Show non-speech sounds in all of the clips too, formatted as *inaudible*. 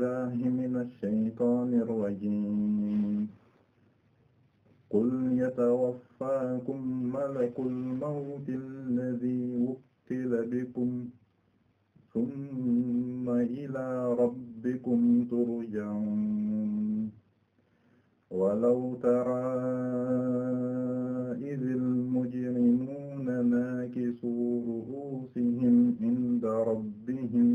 بالله من الشيطان الرجيم قل يتوفاكم ملك الموت الذي وكل بكم ثم إلى ربكم ترجعون ولو ترى إذ المجرمون ناكسوا رؤوسهم عند ربهم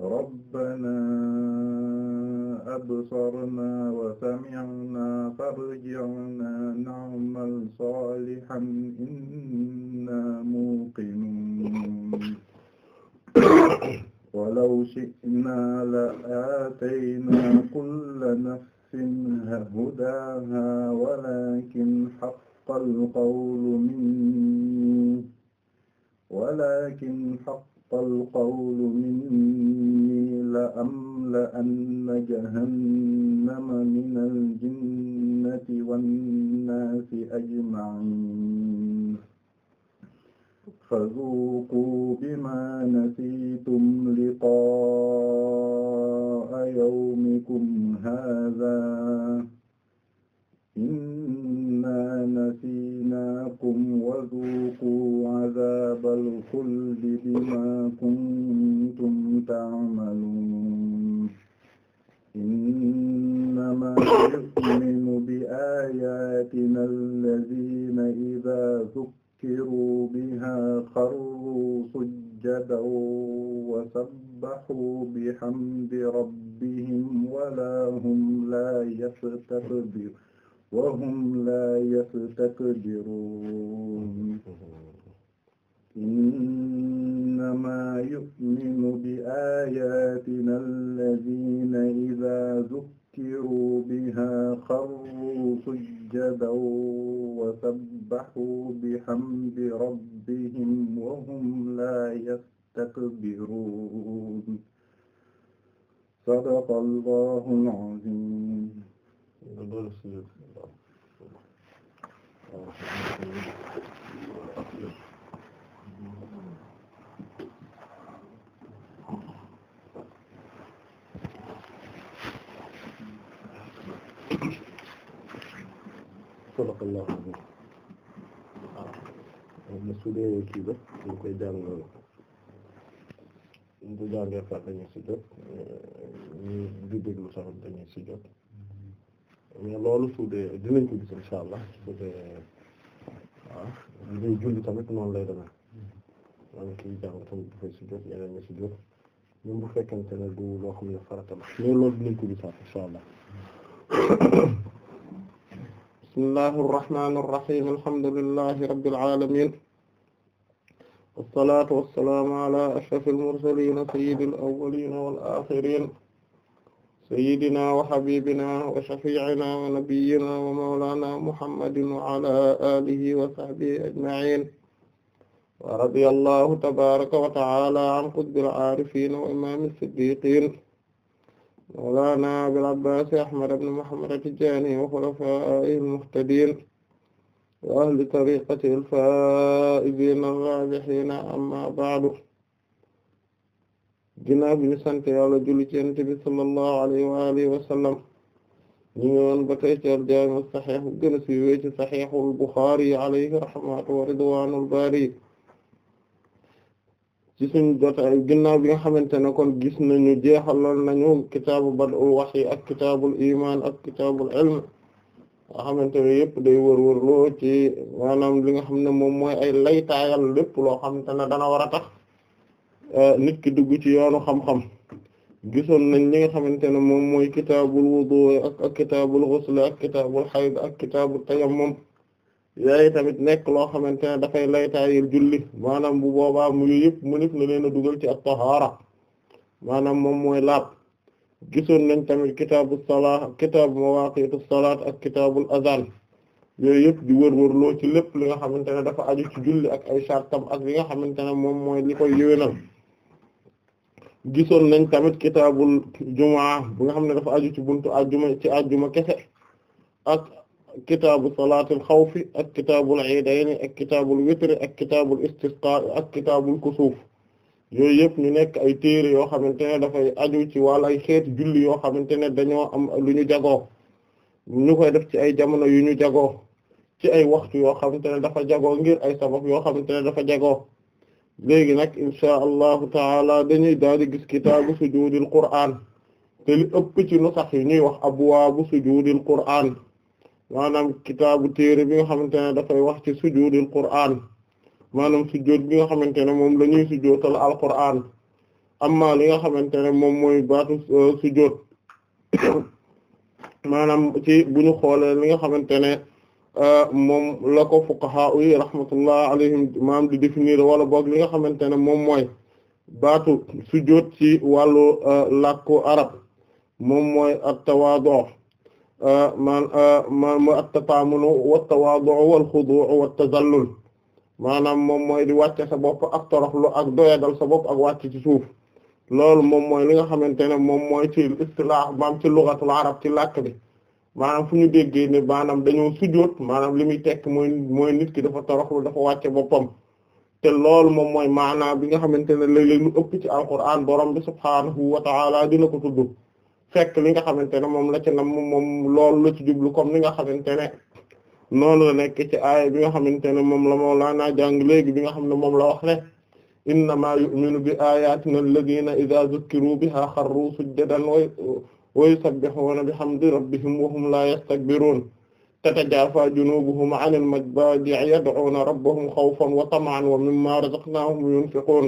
rabbanaa absarnaa wa sami'naa farji'naa na'mal saalihan innaa muuqinuun walaw shi'naa la'aataynaa kulla nafsin hudaahaa walaakin haqqal qawlu minnii walaakin haqq فالقول مني لأملأن جهنم من الجنة والناس أجمعين فذوقوا بما نسيتم لقاء يومكم هذا inna nasiinaakum wa zuuquu azaabal xuldi bimaa kuntum ta'maluun innamaa yu'minu bi aayaatinaa allaziina izaa zukkiruu bihaa xarruu sujjadan wa sabbahuu bihamdi rabbihim wa laa hum laa yastakbiruun wa hum laa yastakbiruun innamaa yu'minu bi aayaatinaa allaziina izaa zukkiruu bihaa xarruu sujjadan wa sabbahuu bihamdi rabbihim wa hum laa yastakbiruun sadaqallaahu al-aziim sadaqallahu waaw ah. su dee kii ba dañ koy jàng loolu bu jàngee fa dañuy si jot ñu di déglu sax dañuy si jot mais loolu su dee dinañ ko gis insha allah su dee waaw dinañ julli tamit noonu lay demee maanaam kii jàng tamit dafay sujjóot yeneen ñi sujjóot même bu fekkente ne du loo xam ne farata la mais loolu dinañ ko gisaat insha allah bismillahi irrahmani irrahim alhamdulillahi rabbil alamin wassalatu wassalaamu ala ashrafil mursalin sayyidil awwalin wal akhirin sayyidina wa habibina wa shafi'ina wa nabiyyina wa mawlana muhammadin wa ala alihi wa sahbihi ajma'in wa radiyallahu tabaraka wa ta'ala an qutbil aarifin wa imamil siddiqin mawlana abil abbas ahmad ibn muhammad at-tijani wa khulafa'ihil muhtadin wa ahli tariqatihi al-fa'izin ar-rabihin amma ba'du ginnaaw bi ñu sant yàlla juli ci yonent bi sallallahu alayhi wa alihi wa sallam ñu ngi woon ba tey al saxiix bu gën a siiwee ci saxiixul Buxaari alayhi rahmatu wa ridwaanul baari ci suñu jotaay ginnaaw bi nga xamante ne kon gis nañu jeexaloon nañu kitaabu bad'ul wahyi ak kitaabul imaan ak kitaabul ilm nga xamante ne yëpp day wërwërloo ci maanaam li nga xam ne moom mooy ay lépp loo xam ne dana war a tax Euh, nit ki dugg ci yoonu xam-xam gisoon nañ li nga xamante ne moom mooy kitaabul wudu ak ak kitaabul ghusl ak kitaabul hayd ak kitaabul tayammum yaaye tamit nekk loo xamante ne dafay laytaayil julli maanaam bu boobaa mu yëpp mu nit leen a dugal ci at-tahaara maanaam moom mooy laab gisoon nañ tamit kitaabu salaa kitaabu mawaaqiitu salaat ak kitaabul azaan yooyu yëpp di wërwërloo ci lépp li nga xamante ne dafa aju ci julli ak ay sartam ak li nga xamante ne moom mooy li koy yéwénal gisoon nañ tamit kitaabul jumaa bu nga xam ne dafa aju ci buntu ajjuma ci ajjuma kese ak kitaabu salaatul xawfi ak kitaabul iidayni ak kitaabul witri ak kitaabul istisqaa ak kitaabul kusuuf yooyu yëpp ñu nekk ay téere yoo xamante ne dafay aju ci wàll ay xeetu julli yoo xamante ne dañoo am lu ñu jagoo ñu koy def ci ay jamono yu ñu jagoo ci ay waxtu yoo xamante ne dafa jagoo ngir ay sabab yoo xamante ne dafa jagoo léegi nag insha allahu taala dañuy daal di gis kitaabu sujudil qur'aan te li ëpp ci nu sax yi ñuy wax abwaabu sujudil qur'aan maanaam kitaabu téere bi nga xamante ne dafay wax ci sujudil qur'aan maanaam sujud bi nga xamante ne moom la ñuy sujudal alqur'aan amma li nga xamante ne moom mooy baatu euh, sujud *coughs* maanaam ci bu ñu xoolee li nga xamante ne. Euh, moom la ko fuqaha yi rahmatullah alayhim maam di définir wala boog li nga xamante ne moom mooy baatu sujjóot ci wàllu euh, lakk arab moom mooy at-tawaadu euh, man man mooy at-tataamunu tawaadu wal-xuduu'u wat-tazallul maanaam moom mooy di wàcce sa bopp ak toroxlu ak doyadal sa bopp ak wàcc ci suuf loolu moom mooy li nga xamante ne moom mooy ci istilaax maam ci lugatul arab ci làkk bi maanaam fu ñu déggee ne maanaam dañoo sujjóot maanaam li muy tekk mooy mooy nit ki dafa toroxlu dafa wàcce boppam te loolu moom mooy maanaa bi nga xamante ne léeg-léeg lu ëpp ci alquran borom bi subhaanahu wa taala dina ko tudd fekk li nga xamante ne moom la ci nam moom loolu la ci jublu comme li nga xamante ne noonu la nekk ci aaya bi nga xamante ne moom la Mawlaana jàng léegi bi nga xam ne moom la wax ne innamaa yu'minu bi ayatina alladina ida zukkiru biha xarru sujjadan way woy wa yusabbihuuna bihamdi rabbihim wa hum laa yastakbiruun tatajaafaa junuubuhum anil madaaji' yad'uuna xaw xawfan wa tama'an wa mimmaa razaqnaahum yunfiquun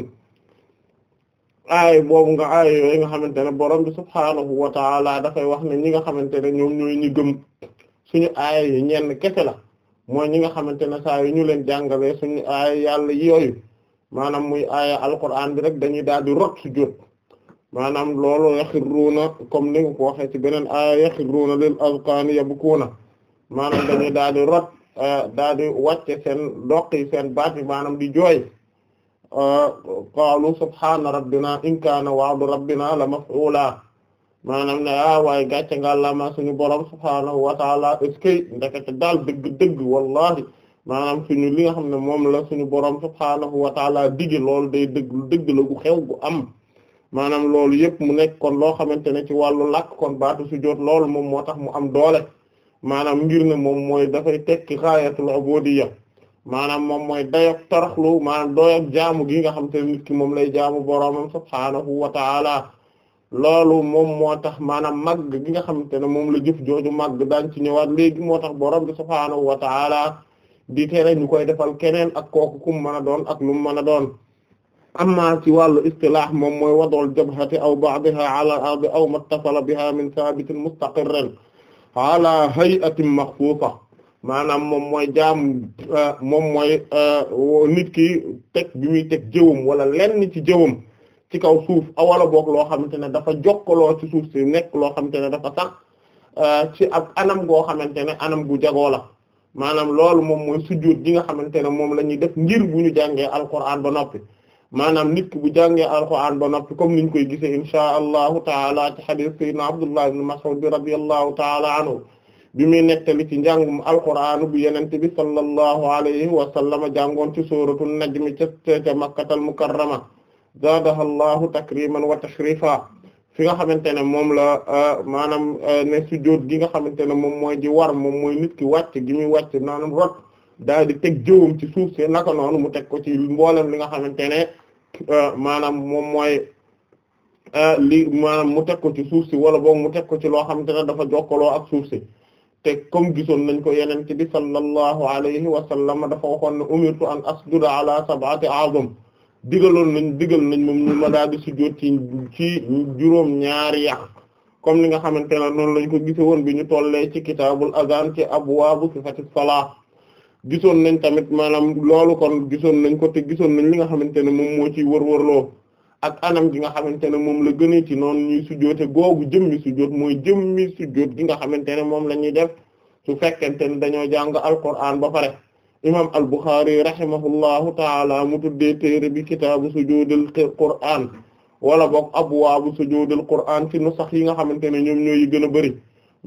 aay boobu nga aay yooyu nga xamante ne borom bi subhaanahu wa ta'aala dafay wax ne ñi nga xamante ne ñoom ñooy ñi gëm suñu aay yi ñenn kese la mooy ñi nga xamante ne saa yu ñu leen jàngalee suñu aay yàlla yooyu maanaam muy aaya alquraan bi rek dañuy daal di rot su jot maanaam loolu yaxirruuna comme ni ko waxee ci beneen aaya yaxirruuna lil azqaani yabkuuna maanaam dañuy daal di rot euh, daal di seen doq yi seen baat yi maanaam di jooy euh, qaalu subhaana rabbina in kaana wa'du rabbina la maf'uula maanaam ne ah waaye gàcce ngàllama suñu borom subhaanahu wa taala ndekete daal dëgg-dëgg wallahi maanaam suñu li nga xam ne moom la suñu borom subhaanahu wa taala digi lool day dëgg dëgg la gu xew gu am maanaam loolu yëpp mu nekk kon loo xamante ne ci wàllu làkk kon baatu sujjóot loolu moom moo tax mu am doole maanaam ngir ne moom mooy dafay tekki xaayatul ubudiyya maanaam moom mooy dayok taraxlu maanaam doyok jaamu gi nga xam te nit ki moom lay jaamu boroomam subhaanahu wa taala loolu moom moo tax maanaam mag gi nga xamante ne moom la jëf jooju màgg daan ci ñëwaat léegi moo tax borom bi subhaanahu wa taala di tere ñu koy defal keneen ak kooku kum mën doon ak lu mu mën a doon amma ci wàllu istilah moom mooy wad'ul jabhati aw ba'daha ala al-ardi aw mattasala biha min thabitin mustaqirrin ala hay'atin makhfufa maanaam moom mooy jaam moom mooy eh, nit ki teg bi muy teg jëwum wala lenn ci jëwum ci kaw suuf awala boog loo xamante ne dafa jokkaloo ci suuf si nekk loo xamante ne dafa sax eh, ci ab anam goo xamante ne anam gu jagoo la maanaam loolu moom mooy sujjóot gi nga xamante ne moom la ñuy def ngir bu ñu jàngee alquran ba noppi maanaam nit bu jàngee alxuraan ba noppi comme niñ koy gisee inshaa allahu taala ci xadiis sayyidina abdullah ibn mas'ud bi radiyallahu taala anhu bi muy nettali ci njàngum alxuraan bu yenente bi sallallahu alayhi wa sallama jàngoon ci suuratu najmi ca ca makkatal mukarrama zaadaha allahu takriman wa tashrifa fi nga xamante ne moom la euh, maanaam euh, ne sujjóot gi nga xamante ne moom mooy ji war moom mooy nit ki wàcc gi muy wàcc naanam rot daal di teg jëwam ci suuf si naka noonu mu teg ko ci mboolem li nga xamante ne Euh, maanaam moom mooy euh, li maanaam mu teg ci suuf si wala boog mu teg ko ci loo xamante ne dafa jokkaloo ak suuf si te comme gisoon nañ ko yeneen ci bi sallallahu alayhi wa sallam dafa waxoon ne umirtu an asjuda ala sab'ati a'zam digaloon nañ digal nañ moom ñu ma daal sujjóot ci ci juróom ñaari yàq comme ni nga xamante ne noonu lañ ko gise woon bi ñu tollee ci kitaabul azan ci abwaabu fati salaa gisoon nañ tamit maanaam loolu kon gisoon nañ ko te gisoon nañ li nga xamante ne moom moo ci wërwërloo ak anam gi nga xamante ne moom la gënee ci noonu ñuy sujoote googu jëmmi sujoot mooy jëmmi sujoot gi nga xamante ne moom la ñuy def su fekkente ne dañoo jàng alquran ba pare imam al-Bukhari rahimahullahu taala mu tuddee téere bi kitaabu sujoodul qur'an wala boog abwaabu sujoodul qur'an ci nu sax yi nga xamante ne ñoom ñooy gën a bëri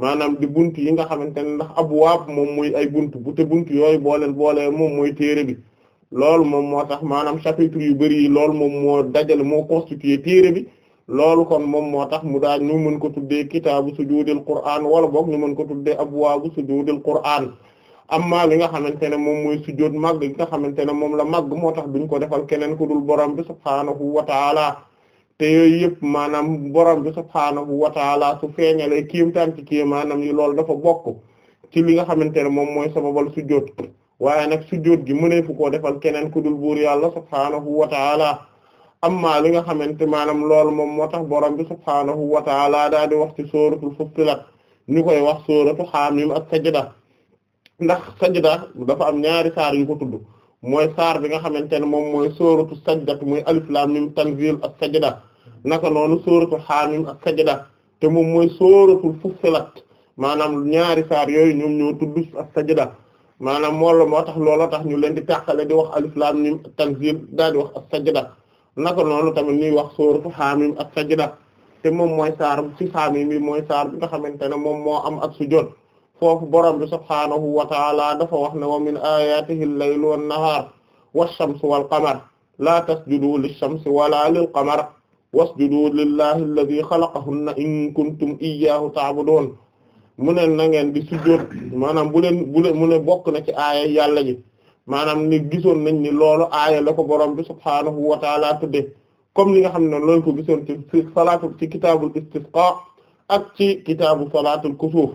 maanaam di bunt yi nga xamante ne ndax abwaab moom muy ay buntu bu te bunt yooyu booleen boolee moom mooy téere bi loolu moom moo tax maanaam chapitre yu bari yi loolu moom moo dajale mo constitué téere bi loolu kon moom moo tax mu daal ñu mën ko tuddee kitaabu sujuudil qur'aan wala boog ñu mën ko tuddee abwaabu sujuudil qur'aan amma li nga xamante ne moom mooy sujood màgg gi nga xamante ne moom la màgg moo tax duñ ko defal keneen ku borom bi subhaanahu wa ta'ala te yooyu yëpp maanaam borom bi subhaanahu wa taala su feeñalee kiimtaan ci kii maanaam yi loolu dafa bokk ci li nga xamante ne moom mooy sababal sujjóot waaye nag sujjóot gi mëneefu koo defal keneen ku dul buur yàlla subhaanahu wa taala amma li nga xamante maanaam lool moom moo tax borom bi subhaanahu wa taala daal di wax ci sóoratul fussilat ñu koy wax sóoratu xaamim ak sajda ndax sa sajda dafa am ñaari saar yu ko tudd mooy saar bi nga xamante ne moom mooy sóoratu sajdat muy alif lam mim tanzil as-sajda naka noonu sóoratu haamim as-sajda te moom mooy sóoratul fussilat maanaam ñaari saar yooyu ñoom ñu tudd as-sajda maanaam moolu moo tax looloo tax ñu leen di tàqale di wax alif lam mim tanzil daal di wax as-sajda naka noonu tamit ñuy wax sóoratu haamim as te moom mooy saar ci haamim bi mooy saar nga xamante ne moom moo am ak sujjóot foofu borom bi subhaanahu wa taala dafa wax ne wa min ayatihi al-laylu wa nahaar wash-shamsu wal-qamar laa tasjudu lish-shamsi wala lil-qamar wasjudu lillahi alladhi khalaqahunna in kuntum iyyahu ta'budun mu ne na ngeen di sujjóot maanaam bu leen bu leen mu ne bokk na ci aaya yàlla ji maanaam ni gisoon nañ ni loolu aaya la ko borom bi subhaanahu wa taala tudde comme li nga xam ne loolu ko gisoon ci salaatu ci kitaabul istisqa ak ci kitaabu salaatul kusuuf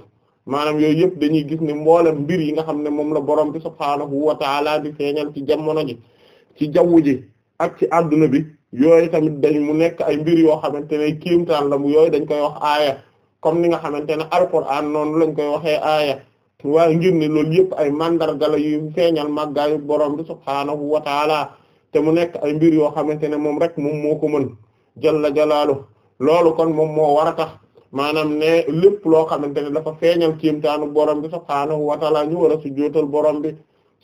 maanaam yooyu yëpp dañuy gis ni mboolem mbir yi nga xam ne moom la borom bi subhaanahu wa taala di feeñal ci jamono ji ci jaww ji ak ci adduna bi yooyu tamit dañ mu nekk ay mbir yoo xamante ne kiimtaan la mu yooyu dañ koy wax aaya comme ni nga xamante ne alquran noonu lañ koy waxee aaya waaye ngir ne loolu yëpp ay mandarga yu feeñal màggaayu borom bi subhaanahu wa taala te mu nekk ay mbir yoo xamante ne moom rek moom moo ko mën jalla jalaalo loolu kon moom moo war a tax maanaam ne lépp loo xamante ne dafa feeñal kéemtaanu borom bi subhaanahu wa taala ñu war a sujjóotal borom bi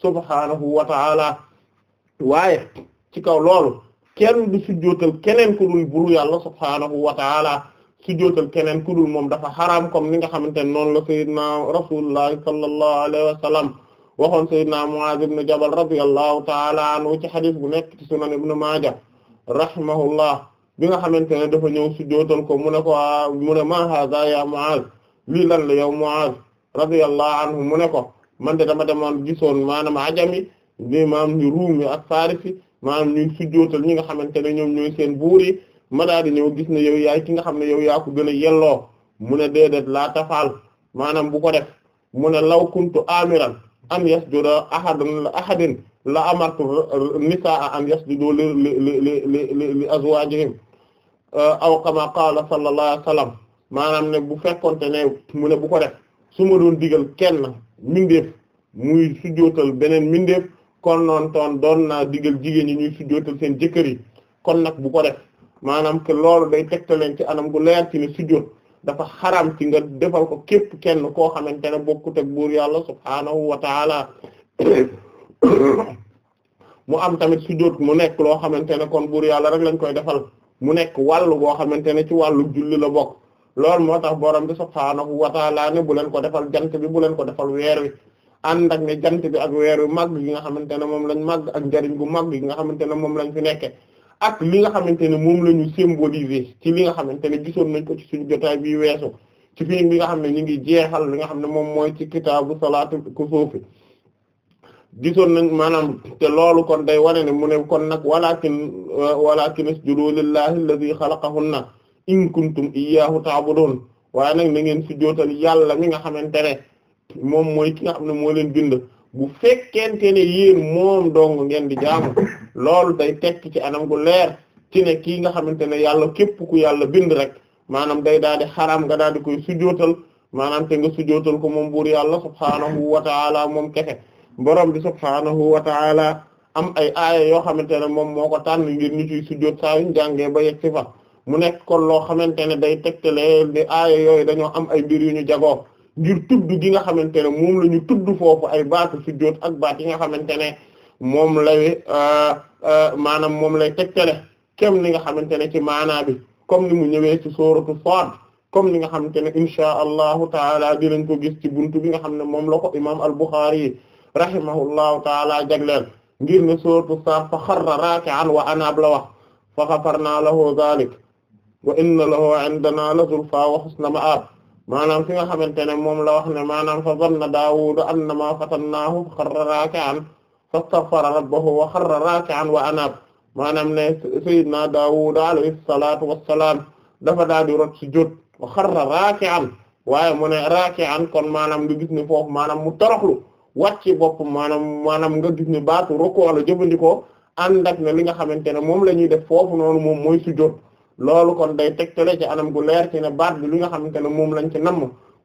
subhaanahu wa taala waaye ci kaw loolu kenn du sujjóotal keneen ku dul buru yàlla subhaanahu wa taala sujjóotal keneen ku moom dafa xaraam kom ni nga xamante ne noonu la sayyidina rasulullahi sallallahu alayhi wa sallam waxoon sayyidina Muaz ibn Jabal radiyallahu taala anhu ci xadis bu nekk ci sunan ibn Maaja rahimahullah bi nga xamante ne dafa ñëw sujjootal ko mu ne ko mu ne ma haaza ya Mu'aaz lii lan la yow Mu'aaz radiyallahu anhu mu ne ko man de dama demoon gisoon maanaam ajami ni maam ñu ruumi ak faarisi maanaam ñuy sujjootal ñi nga xamante ne ñoom ñooy seen buur ma daal di ñëw gis ne yow ya ki nga xam ne yow yaa ko gën a yelloo mu ne déedéet laa tafaal maanaam bu ko def mu ne law kuntu amiran an yasjuda ahadun la ahadin la amartu nisaa an yasjudu li li li li li Euh, aw kama qaala sallallahu alayhi wa sallam maanaam ne bu fekkonte ne mu ne bu ko def su ma doon digal kenn mindeef muy sujjootal beneen mindeef kon noon toon doon naa digal jigéen ñi ñuy sujjootal seen jëkkër yi kon nag bu ko def maanaam que loolu day leen ci anam gu leer ci ne sujjoot dafa xaram ci nga defal ko képp kenn koo xamante ne bokkut ak buur yàlla subhaanahu wa taala *coughs* mu am tamit sujjoot mu nekk loo xamante ne kon buur yàlla rek lañ koy defal mu nekk wàll boo xamante ne ci wàllu julli la bokk loolu moo tax borom bi subhaanahu wa taala ne bu leen ko defal jant bi bu leen ko defal weer wi ànd ak ne jant bi ak weer wi mag gi nga xamante ne moom lañ màgg ak njariñ bu màgg gi nga xamante ne moom lañ fi nekke ak li nga xamante ne moom la ñu symboliser ci li nga xamante ne gisoon nañ ko ci suñu jotaay bi weesu ci fi li nga xam ne ñu ngi jeexal li nga xam ne moom mooy ci kitaabu salaatul kusuufi gisoon nañ maanaam te loolu kon day wane ne mu ne kon nag walakin walakin isjudu lillahi alladhi khalaqahunna in kuntum iyyahu doon waaye nag na ngeen sujjootal yàlla mi nga xamante ne moom mooy ki nga xam ne moo leen bind bu fekkente ne yéen moom dong ngeen di jaamu loolu day tekk ci anam gu leer ci ne kii nga xamante ne yàlla képp ku yàlla bind rek maanaam day daal di xaraam nga daal di koy sujjootal maanaam te nga sujjootal ko moom buur yàlla subhaanahu wa ta'ala moom kefe borom bi subhaanahu wa taala am ay aaya yoo xamante ne moom moo ko tànn ngir ñu ciy sujjóot saa yuñ jàngee ba yegg ci fa mu nekk kon loo xamante ne day tegtalee ne aaya yooyu dañoo am ay mbir yu ñu jagoo ngir tudd gi nga xamante ne moom la ñu tudd foofu ay baatu sujjóot ak baat yi nga xamante ne moom lay euh, euh, maanaam moom lay tegtale kem li nga xamante ne ci maanaa bi comme ni mu ñëwee ci sooratu Saad comme ni nga xamante ne insha allahu taala dinañ ko gis ci buntu bi nga xam ne moom la ko imaam al-Bukhari yi rahimahullahu taala jagleel ngir ne sooratu Saaf fa xarra raaki'an wa anaab la wax fa xafarnaa lahu zaalik wa inna lahu indanaa la zulfaa wa husna ma'aab maanaam fi nga xamante ne moom la wax ne maanaam fa zanna Daawuudu annamaa fatannaahu fa xarra raaki'an fastaghfara rabbahu wa xarra raaki'an wa anaab maanaam ne sayyidinaa Daawuud alayhi salaatu wa salaam dafa daal di rot wa xarra raaki'an waaye mu ne raaki'an kon maanaam lu gis ne foofu maanaam mu toroxlu. wàcce bopp maanaam maanaam nga gis ne baatu rukkoo la jëfandikoo ànd ak na li nga xamante ne moom la ñuy def foofu noonu moom mooy sujjóot loolu kon day tegtale ci anam gu leer ci ne baat bi li nga xamante ne moom lañ ci namm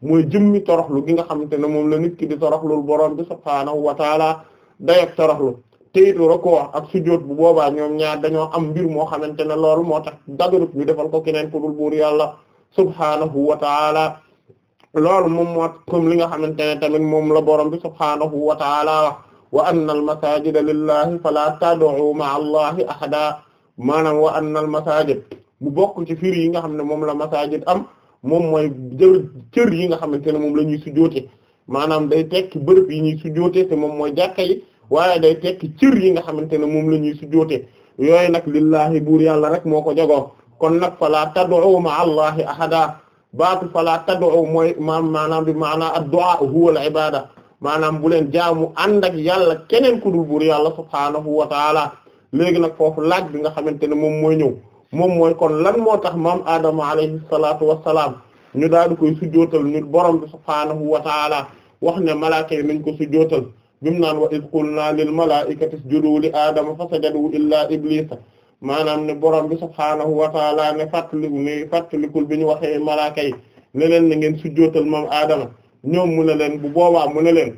mooy jëmmi toroxlu gi nga xamante ne moom la nit ki di toroxlul borom bi subhaanahu wa taala dayeg toroxlu teyit rukkoo ak sujjóot bu boobaa ñoom ñaar dañoo am mbir moo xamante ne loolu moo tax dagarut ñu defal ko keneen ku dul yàlla loolu moom moo comme li nga xamante ne tamit moom la borom bi subhaanahu wa taala wa anna al masajida lillahi fala tad'u ma allahi ahada maanaam wa anna al masajid bu bokk ci firi yi nga xam ne moom la masajid am moom mooy cër yi nga xamante ne moom la ñuy sujoote maanaam day tekki bërëb yi ñuy sujoote te moom mooy jàkka yi waaye day tekki cër yi nga xamante ne moom la ñuy sujoote yooyu nag lillahi buur yàlla rek moo ko jagoo kon nag fala tad'u ma'a allahi ahada baatu fala tad'u mooy maanaam bi maanaam ad-du'a huwa al-ibada maanaam bu leen jaamu ànd ak yàlla keneen ku dul buur yàlla subhaanahu wa taala léegi nag foofu laaj bi nga xamante ne moom mooy ñëw moom kon lan moo tax maam Adama alayhi salaatu wa salaam ñu daal di koy sujjootal ñu borom bi subhaanahu wa taala wax ne malaaka yi ko sujjootal bi mu naan wa iz qulnaa lil malaa'ikati isjudu li aadama fa sajadu illaa iblisa maanaam ne borom bi subhaanahu wa taala ne fàttali ne fàttalikul bi ñu waxee malaaka yi ne leen na ngeen sujjootal moom aadama ñoom mu ne leen bu boobaa mu ne leen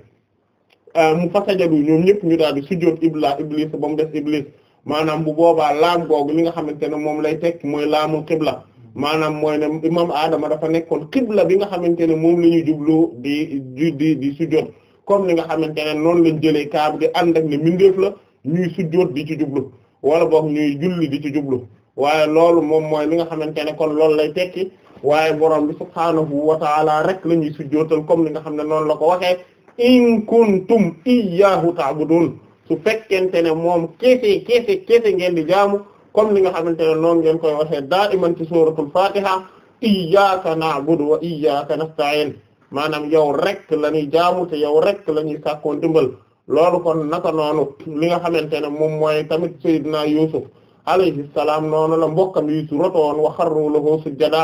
ah, mu fasajadu ñoom ñëpp ñu daal di sujjoot ibla iblis ba mu des iblis maanaam bu boobaa laam googu li nga xamante ne moom lay teg mooy laamul xibla maanaam mooy ne imam aadama dafa nekkoon xibla bi nga xamante ne moom la ñuy jublu di di di sujjoot comme li nga xamante ne noonu lañ jëlee kaab gi ànd ak ne mindeef la ñuy sujjoot di ci jublu wala boog ñuy julli di ci jublu waaye loolu moom mooy li nga xamante ne kon loolu lay tekki waaye borom bi subhaanahu wa taala rek la ñuy sujjootal comme li nga xam ne noonu la ko waxee in kuntum iyyahu ta'budun su fekkente ne moom keese keese keese ngeen di jaamu comme li nga xamante ne noonu ngeen koy waxee daa'iman ci suuratul fatiha iyyaka na'budu wa iyyaka nasta'in maanaam yow rek la ñuy jaamu te yow rek lañuy ñuy sàkkoo ndimbal loolu kon naka noonu li nga xamante ne moom mooy tamit Seydina Yusuf alayhi salaam noonu la mbokkam yi su roto woon wa xarru lahu sujjada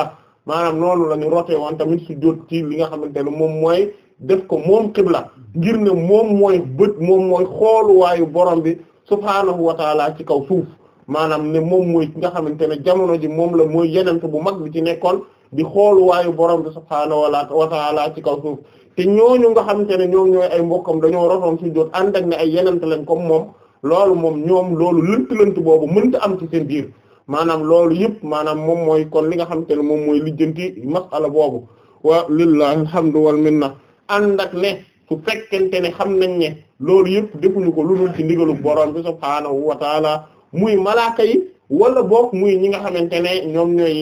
maanaam noonu la ñu rote woon tamit sujjóot ci li nga xamante ne moom mooy def ko moom xibla ngir ne moom mooy bët moom mooy xooluwaayu borom bi subhaanahu wa taala ci kaw suuf maanaam ne moom mooy nga xamante ne jamono ji moom la mooy yenent bu mag bi ci nekkoon di xooluwaayu borom bi subhaanahu wa taala ci kaw suuf te ñooñu nga xamante ne ñoom ñooy ay mbokkam dañoo rotoon sujjóot ànd ak ne ay yenent lañ comme moom loolu moom ñoom loolu lënt-lënt boobu mënta am ci seen biir maanaam loolu yëpp maanaam moom mooy kon li nga xamante ne moom mooy lijjanti masala boobu wa lillahi alhamdu wal minna ànd ak ne su fekkente ne xam nañ ne loolu yëpp defuñu ko lu dul ci ndigalu borom bi subhaanahu wa muy malaaka wala book muy ñi nga xamante ne ñoom ñooy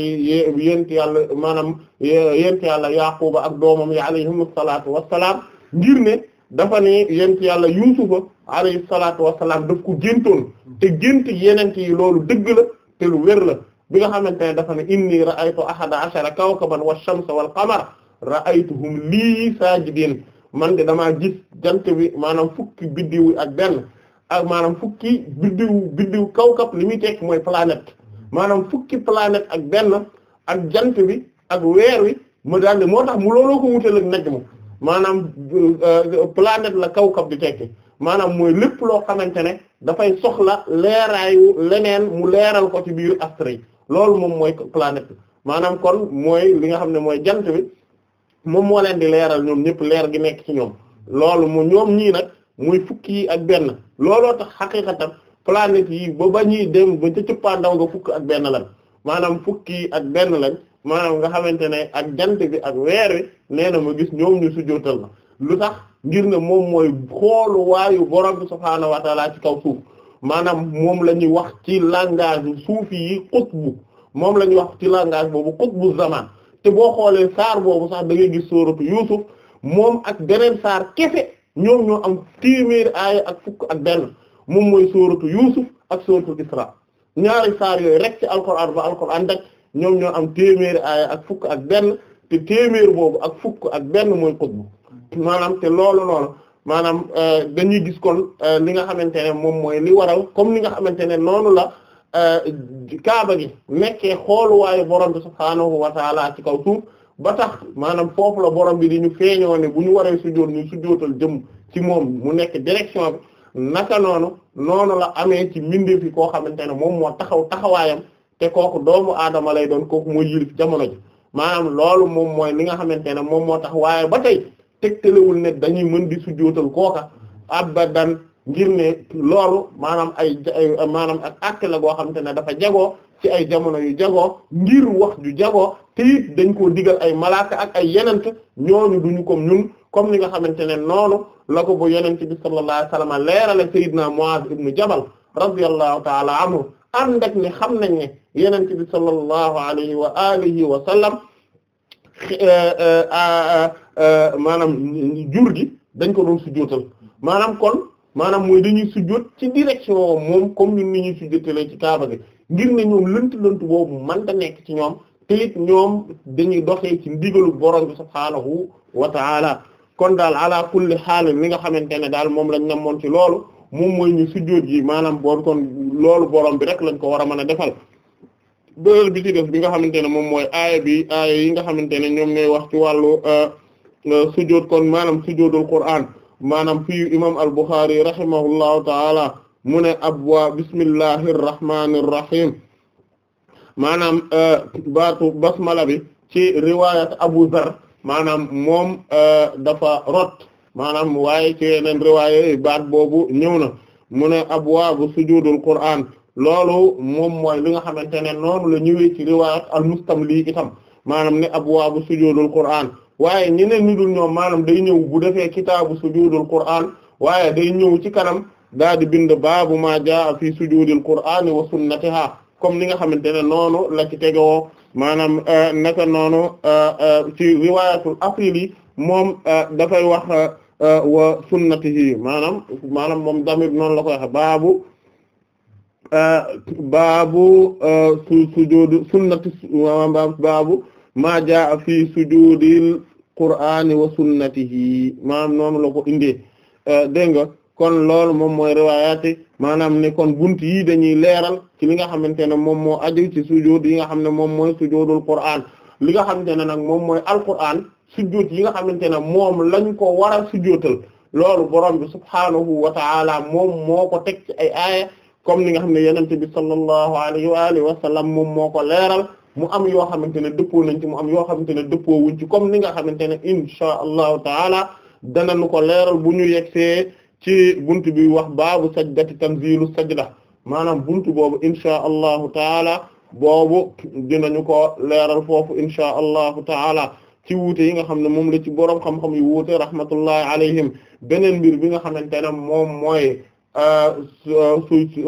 yent yàlla maanaam yent yàlla yaquba ak doomam yi alayhim salaatu wassalaam ngir ne dafa ne yent yàlla yuusufa alayhi salaatu wassalaam daf ku géntoon te gént yenent yi loolu dëgg la te lu wér la bi nga xamante ne dafa ne inni ra'aytu ahada ashara kawkaban wa shamsa wal qamara ra'aytuhum lii saajidin man de dama gis jant bi maanaam fukki biddiw ak benn ak maanaam fukki biddiw biddiw kawkab li muy tekk mooy planète maanaam fukki planète ak benn ak jant bi ak weer wi mu daal moo tax mu loolu ko wutal ak najmu maanaam euh, planète la kawkab di tekki maanaam mooy lépp loo xamante ne dafay soxla leeraayu leneen mu leeral ko ci biir astre yi loolu moom mooy planète maanaam kon mooy li nga xam ne mooy jant bi moom moo leen di leeral ñoom ñëpp leer gi nekk ci ñoom loolu mu ñoom ñii nag muy fukki yi ak benn looloo tax xaqiiqatan planètes yi ba ba ñuy dem ba ca cëppaandaw nga fukk ak benn lañ maanaam fukki yi ak benn lañ maanaam nga xamante ne ak jant bi ak weer wi nee na ma gis ñoom ñu sujjóotal ma lu tax ngir ne moom mooy xoolu waayu borom bi subhaanahu wa ta'ala ci kaw suuf maanaam moom la ñuy wax ci langage suuf yi qutbu moom la ñuy wax ci langage boobu qutbu zaman te boo xoolee saar boobu sax da ngay gis sooratu Yuusuf moom ak beneen saar kese ñoom ñoo am téeméeri aaya ak fukk ak denn moom mooy sóoratu Yuusuf ak sóoratu Isra ñaari saar yooyu rek ci alquran ba alquran rek ñoom ñoo am téeméeri aaya ak fukk ak benn te téeméer boobu ak fukk ak benn mooy xutbu maanaam te loolu noonu maanaam euh, dañuy gis kon euh, li nga xamante ne moom mooy li waral comme li nga xamante ne noonu la euh, kaaba gi nekkee xooluwaayu borom bi subhaanahu wa taala ci kaw suuf ba tax maanaam foofu la borom bi di ñu feeñoo ne bu ñu waree sujjóot ñu sujjóotal jëm ci moom mu nekk direction bi naka noonu noonu la amee ci mbindeef yi koo xamante ne moom moo taxaw taxawaayam te kooku doomu aadama lay doon kooku mooy yilif jamono ji maanaam loolu moom mooy li nga xamante ne moom moo tax waaye ba tey teg tegtalewul ne dañuy mën di sujjóotal kooka abadan ngir ne loolu maanaam ay maanaam ak acte la goo xamante ne dafa jagoo ci ay jamono yu jagoo ngir wax ju jagoo te it dañ koo digal ay malaaka ak ay yenent ñooñu duñu comme ñun comme ni nga xamante ne noonu la ko bu yenent bi sallallahu alayhi wasallam leerale sayyidna Muaz ibn Jabal radiyallahu ta'ala anhu ànd ak ne xam nañ ne yenent bi sallallahu alayhi wa alihi wa sallam euh, euh, euh, maanaam jur gi dañ ko doon sujjóotal maanaam kon maanaam mooy dañuy sujjóot ci direction moom comme ñun ni ñuy sujjóotalee ci kaaba gi ngir ne ñoom lënt lënt boobu man da nekk ci ñoom te it ñoom dañuy doxee ci ndigalu borom bi subhaanahu wa taala kon daal ala kulli xaal li nga xamante ne daal moom lañ namoon ci loolu moom mooy ñu sujjóot yi maanaam boon loolu borom bi rek lañ ko war a mën a defal bërël bi ci def bi nga xamante ne moom mooy aaya bi aaya yi nga xamante ne ñoom ñooy wax ci wàllu euh, euh, sujjóot kon maanaam sujjóotul Qur'aan maanaam fii imam al-Bukhari rahimahullahu taala mu ne abwaa bismillahi irrahmani irrahim maanaam euh, baatu basmala bi ci riwayat Abu Zar maanaam moom euh, dafa rot maanaam waaye ci yeneen riwaaya baat boobu ñëw na mu ne abwaabu sujudul Qur'an loolu moom mooy li nga xamante ne noonu la ñëwee ci a al lii itam maanaam ne abwaabu sujudul Qur'an waaye ñeneen ñu dul ñoom maanaam day ñëw bu defee kitaabu sujudul Qur'an waaye day ñëw ci kanam daa di bind baabu ma jaa fi sujuudil qur'aani wa sunnatiha comme ni nga xamante ne noonu la ci tegewoo maanaam euh, naka noonu euh, euh, ci riwaayatul afrili moom dafay wax wa sunnatihi maanaam maanaam moom damir noonu la ko wax baabu baabu su sujuudu fi sujuudil qur'aani wa sunnatihi maanaam noonu la ko indee dégg kon loolu moom mooy riwaayaati maanaam ne kon bunt yi dañuy leeral ci li nga xamante ne moom moo aju ci sujood yi nga xam ne moom mooy sujoodul Qur'an linga nga xamante ne nag moom mooy Alqur'an sujood yi nga xamante ne moom lañ ko war a sujootal loolu borom bi subhaanahu wa ta'ala moom moo ko teg ci ay aaya comme ni nga xam ne yenente bi sallallahu alayhi wa alihi wa sallam moom moo ko leeral mu am yoo xamante ne dëppoo nañ ci mu am yoo xamante ne dëppoo ci comme ni nga xamante ne insha allahu taala danañu ko leeral bu ñu yegsee ci buntu bi wax baabu sajdati tanzilu sajda maanaam buntu boobu insha allahu taala boobu dinañu ko leeral foofu insha allahu taala ci wuute yi nga xam ne moom la ci boroom xam-xam yu wuute rahmatullahi alayhim beneen mbir bi nga xamante ne moom mooy euh, su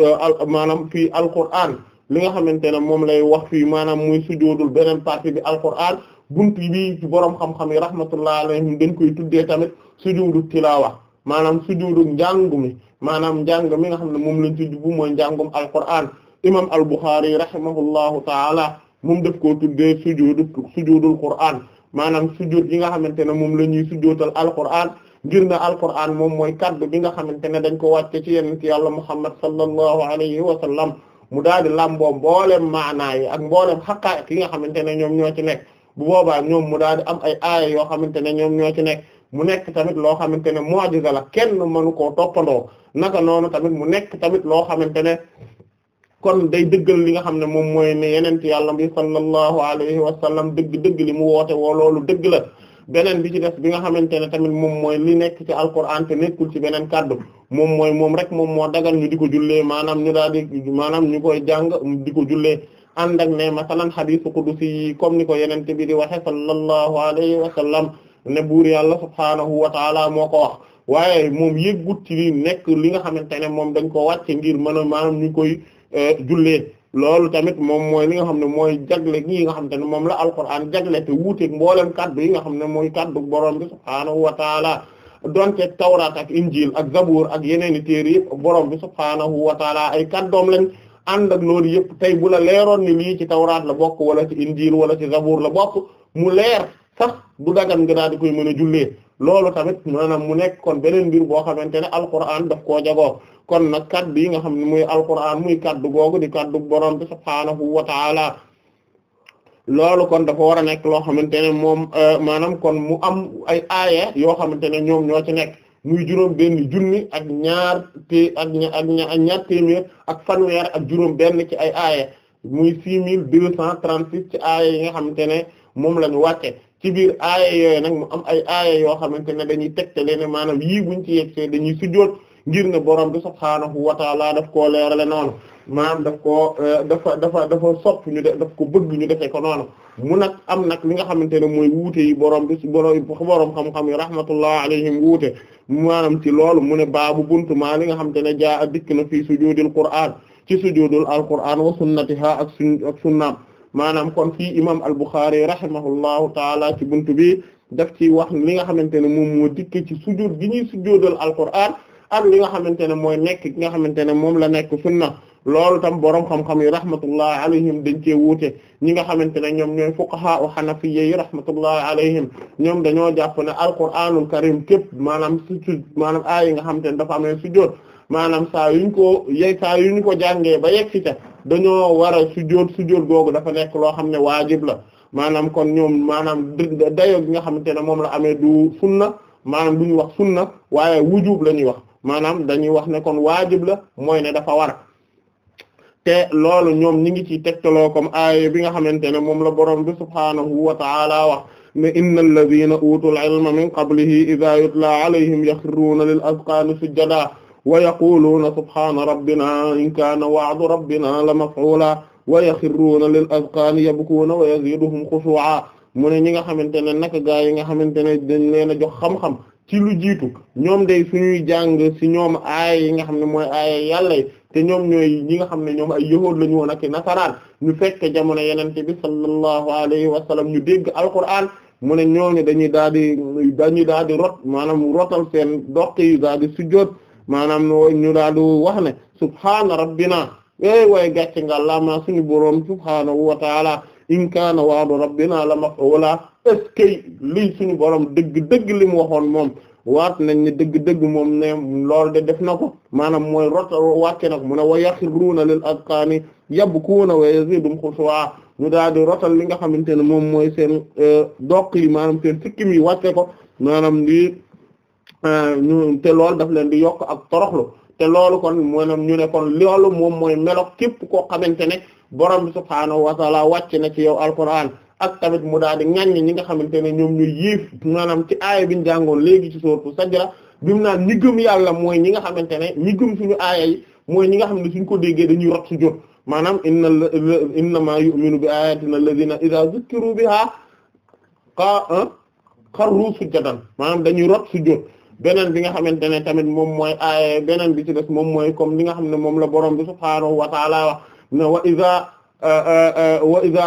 euh, maanaam fii alquran li nga xamante ne moom lay wax fii maanaam muy sujoodul beneen partie bi alquran buntu bi ci boroom xam-xam yi rahmatullahi alayhim dañ koy tuddee tamit sujoodu tilaawa maanaam sujuudu njàng mi maanaam njàng mi nga xam ne moom lañ ci jubbu mooy njàngum Alqur'aan imam al-Bukhari rahimahullahu taala moom def koo tuddee sujuudu sujuudul Qur'aan maanaam sujuud yi nga xamante ne moom la ñuy sujuudal Alqur'aan ngir na Alqur'aan moom mooy kaddu bi nga xamante ne dañ ko wàcce ci yonent yàlla Muhammad sallallahu alayhi wa sallam mu daal di làmboo mboolem maanaa yi ak mboolem xaqaay yi nga xamante ne ñoom ñoo ci nekk bu boobaa ñoom mu daal di am ay aaya yoo xamante ne ñoom ñoo ci nekk. mu nekk tamit loo xamante ne mu'jiza la kenn mënu koo toppandoo naka noonu tamit mu nekk tamit loo xamante ne kon day dëggal li nga xam ne moom mooy ne yeneen yàlla bi sallallahu alayhi wa sallam dëgg-dëgg li mu woote woo loolu dëgg la beneen bi ci des bi nga xamante ne tamit moom mooy li nekk ci alquran te nekkul ci beneen kàddu moom mooy moom rek moom moo dagal ñu di ko jullee maanaam ñu daal di maanaam ñu koy jàng di ko jullee ànd ak ne masalan xadiisu qudusi yi comme ni ko yeneen bi di waxe sallallahu alayhi wa sallam ne buur yàlla subhaanahu wa taala moo ko wax waaye moom yëggut ci nekk li nga xamante ne moom dañ ko wàcce ngir mën a maanaam ñu koy eh, jullee loolu tamit moom mooy li nga xam ne mooy jagle gi nga xamante ne moom la alquran jagle te wuuteeg mboolem kaddu yi nga xam ne mooy kaddu borom bi subhaanahu wa taala donte tawraat ak injil ak zabur ak yeneen i téere yëpp borom bi subhaanahu wa taala ay kaddoom lañ ànd ak loolu yëpp tey bu la leeroon ni lii ci tawraat la bokk wala ci injil wala ci zabur la bokk mu leer sax du dagan nga daal koy mën a jullee loolu tamit maanaam mu nekk kon beneen mbir boo xamante ne alquran daf koo jagoo kon nag kaddu yi nga xam ne muy alquran muy kaddu googu di kaddu borom bi subhaanahu wa taala loolu kon dafa war a nekk loo xamante ne moom euh, maanaam kon mu am ay aaya yoo xamante ne ñoom ñoo ci nekk muy juróom benn junni ak ñaar té ak ak ñaar téeméer ak fanweer ak juróom benn ci ay aaya muy six mille deux cent trent six ci aaya yi nga xamante ne moom la ñu wàcce ci biir aaya yooyu nag mu am ay aaya yoo xamante ne dañuy tegtale ne maanaam yii buñ ci yeggsee dañuy sujjoot ngir ne borom bi subhaanahu wa taala daf koo leerale noonu maanaam daf koo euh, dafa dafa dafa sopp ñu def daf ko bëgg ñu defee ko noonu mu nag am nag li nga xamante ne mooy wuute yi borom bi borom borom xam-xam yi rahmatullah alayhim wuute maanaam ci loolu mu ne baabu buntu maa li nga xamante ne jaa a dikk na fii sujuudil qur'aan ci sujuudul al qur'aan wa sunnatiha ak sun ak sunnaam maanaam kon fii imam al-Bukhari rahimahullahu taala ci buntu bi daf ci wax li nga xamante ne moom moo dikk ci sujud gi ñuy sujudal al-Qur'an ak li nga xamante ne mooy nekk ki nga xamante ne moom la nekk sunna loolu tam borom xam-xam yi rahmatullahi alayhim dañ cee wuute ñi nga xamante ne ñoom ñooy fuqaha u hanafiyya yi rahmatullahi alayhim ñoom dañoo jàpp ne alquraanul karim képp maanaam sujud maanaam aay yi nga xamante ne dafa amee sujud maanaam saa yuñ ko yey saa yuñ ko jàngee ba yegg ci ca dañoo war a sujjóot googu dafa nekk loo xam ne waajib la maanaam kon ñoom maanaam dayo gi nga xamante ne moom la amee du sunna maanaam duñu wax sunna waaye wujub la ñuy wax maanaam dañuy wax ne kon waajib la mooy ne dafa war te loolu ñoom ñi ngi ciy tegtaloo comme aaya bi nga xamante ne moom la borom bi subhaanahu wa ta'ala wax ne inna alladhina utul ilma min qablihi idha yutla alayhim yakhiruna lil azqani sujjada wa yaquluuna subhaana rabbina in kaana wa'du rabbina la maf'uula wa yaxirruuna lil azqaani yabkuuna wa yaziiduhum xushuu'a mu ne ñi nga xamante ne naka gaa yi nga xamante ne dañ leen a jox xam-xam ci lu jiitu ñoom day suñuy jàng ci ñoom aaya yi nga xam ne mooy aaya yàlla yi te ñoom ñooy ñi nga xam ne ñoom ay yahuud lañu woon ak i nasaraan ñu fekk jamono yenente bi sallallahu alayhi wa sallam ñu dégg alquraan mu ne ñooñu dañuy daal di dañuy daal di rot maanaam rotal seen doq yi daal di sujjóot maanaam ñu daal di wax ne subhaana rabbina ey eh waaye gàcce nga laamaa suñu borom subhaanahu wa taala in kaana wa'du rabbina la maf'ula est ce que lii suñu boroom dëgg-dëgg li mu waxoon moom waat nañ ne dëgg-dëgg moom ne loolu de def na ko maanaam mooy rot wàcce ko mu ne wa yaxirruuna lil azqaani yabkuuna wa yaziiduhum xushu'a ñu daal di rotal li nga xamante ne moom mooy seen eh, doq yi maanaam seen sikkim yi wàcce ko maanaam lii Euh, ñu te loolu daf leen di yokk ak toroxlu te loolu kon maanaam ñu ne kon loolu moom mooy melo képp koo xamante ne borom bi subhaanahu wa taala wàcc na ci yow alquran ak tamit mu daal di ŋaññi ñi nga xamante ne ñoom ñu yéef maanaam ci aaya bi ñu jàngoon léegi ci sourate Sajda bi mu naan ñi gëm yàlla mooy ñi nga xamante ne ñi gëm suñu aaya mooy ñi nga xam ne suñ ko déggee dañuy rot su jot maanaam inna innama yu'minu bi ayatina alladhina idha zukkiru biha qa ah, qarru sujjadan maanaam dañuy rot su beneen bi nga xamante ne tamit moom mooy aaya beneen bi ci des moom mooy comme li nga xam ne moom la borom bi subhaanahu wa taala wax ne wa iza euh, euh, euh, wa iza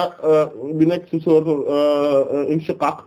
bi nekk ci sootu inshiqaq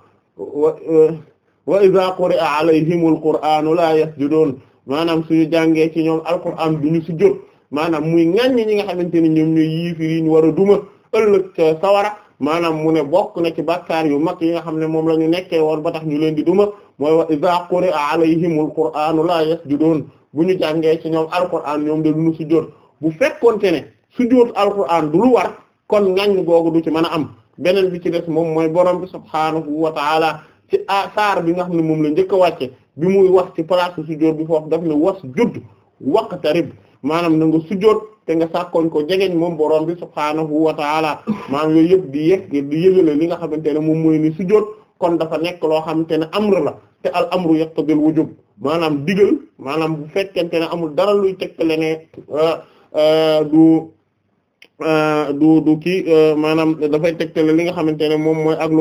wa iza quri'a alayhimul qur'anu la yasjudun maanaam suñu jàngee ci ñoom alquran duñu sujjóot maanaam muy ŋaññi ñi nga xamante ne ñoom ñooy yiifir yi ñu war duma ëllëg ca sawara maanaam mu ne bokk na ci bàkkaar yu mag yi nga xam ne moom la ñu nekkee woon ba tax ñu leen di duma mooy wa idha quri'a alayhimul qur'anu la yasjudun bu ñu jàngee ci ñoom alquran ñoom de duñu sujjóot bu fekkoonte ne sujjóot alquran du lu war kon ngañ googu du ci mën a am beneen bi ci des moom mooy borom bi subhaanahu wa ta'ala ci saar bi nga xam ne moom la njëkk a wàcce bi muy wax ci place sujjóot bi foofu daf ne was judd waqtarib maanaam na nga sujjóot te nga sàkkooñ ko jegeñ moom borom bi subhaanahu wa ta'ala maanaam yooyu yëpp di yegg di yëgale li nga xamante ne moom mooy ni sujjóot kon dafa nekk loo xamante ne amr la te al amru yaqtadil wujub maanaam digal maanaam bu fekkente ne amul dara luy tegtale ne euh, euh, du euh, du du kii maanaam dafay tegtale li nga xamante ne moom mooy ak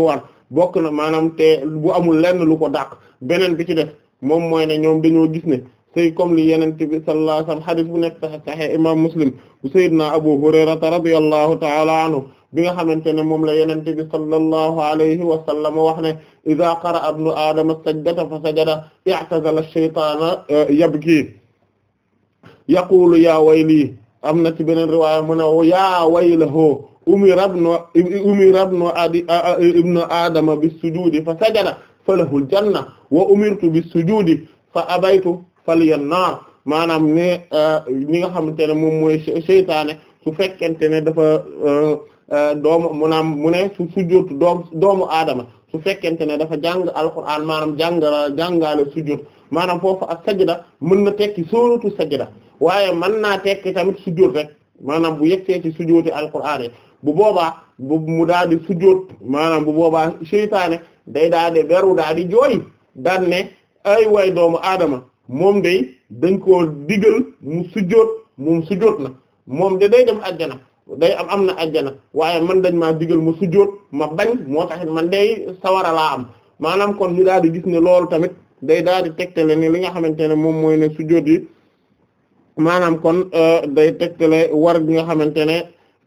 bokk na maanaam te bu amul lenn lu ko dàq beneen bi ci def moom mooy ne ñoom dañoo gis ne sëy comme li yeneen bi sallallahu alayhi wasallam hadith bu nekk sax saxe imam muslim bu sayyidina abu hurairata radiyallahu ta'ala anhu bi nga xamante ne moom la yenente bi sallallahu alayhi wa sallam wax ne idha qara'a ibnu aadama sajdata fa sajada i'tazala ash-shaytaana uh, yabki yaqulu yaa wayli am na ci beneen riwaaya mu ne yaa waylahu umira ibnu umira ibnu adi uh, uh, ibnu aadama bis-sujuudi fa sajada falahu al-janna wa umirtu bis-sujuudi fa abaytu faliya an-naar maanaam ne ñi nga xamante ne moom mooy seytaane su fekkente ne dafa Euh, doomu mu naam mu ne su sujjóot doom doomu aadama su fekkente ne dafa jàng alquran maanaam jàngala jàngaale sujjóot maanaam foofu ak sajda mën na tekki sóoratu sajda waaye man naa tekki tamit sujjóot rek maanaam bu yegsee ci sujjóoti alquran yi bu boobaa bu mu daal di sujjóot maanaam bu boobaa seytaane day daal di beru daal di jooy daan ne ay waay doomu aadama moom day dañ koo digal mu sujjóot moom sujjóot na moom de day dem àjjana day am am na ajjana waaye man dañ maa digal ma sujjóot ma bañ moo taxit man day sawara laa am maanaam kon ñu daal di gis ne loolu tamit day daal di tegtale ne li nga xamante ne moom mooy ne sujjóot yi maanaam kon euh, day tegtale war gi nga xamante ne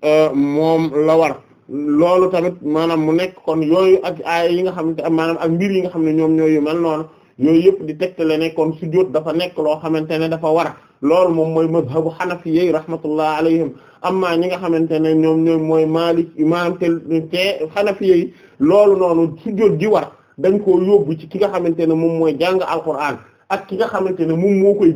euh, moom la war loolu tamit maanaam mu nekk kon yooyu ak aay yi nga xamante maanaam ak mbir yi nga xam ne ñoom ñooyu mel noonu yooyu yëpp di tegtale ne kon sujjóot dafa nekk loo xamante ne dafa war loolu moom mooy mazhabu xanafi yi rahmatullah alayhim amma ñi nga xamante ne ñoom ñoom mooy Maalik imam te te xanafi yi loolu noonu sujjóot gi war dañ ko yóbbu ci ki nga xamante ne moom mooy jàng alquran ak ki nga xamante ne moom moo koy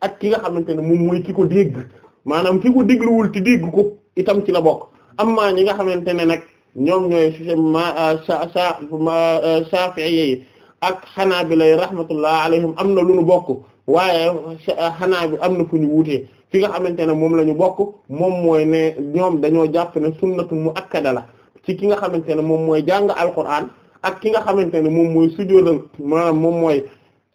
ak ki nga xamante ne moom mooy ki ko dégg maanaam ki ko digluwul te dégg ko itam ci la bokk amma ñi nga xamante ne nag ñoom ñooy Shaafi'i yi ak Hanaabila rahmatullah alayhim am na lu nu bokk waaye xanaa bi am na fu ñu wuutee fi nga xamante ne moom la ñu bokk moom mooy ne ñoom dañoo jàpp ne sunnatu mu akkada la ci ki nga xamante ne moom mooy jàng alquran ak ki nga xamante ne moom mooy sujjóotal moom mooy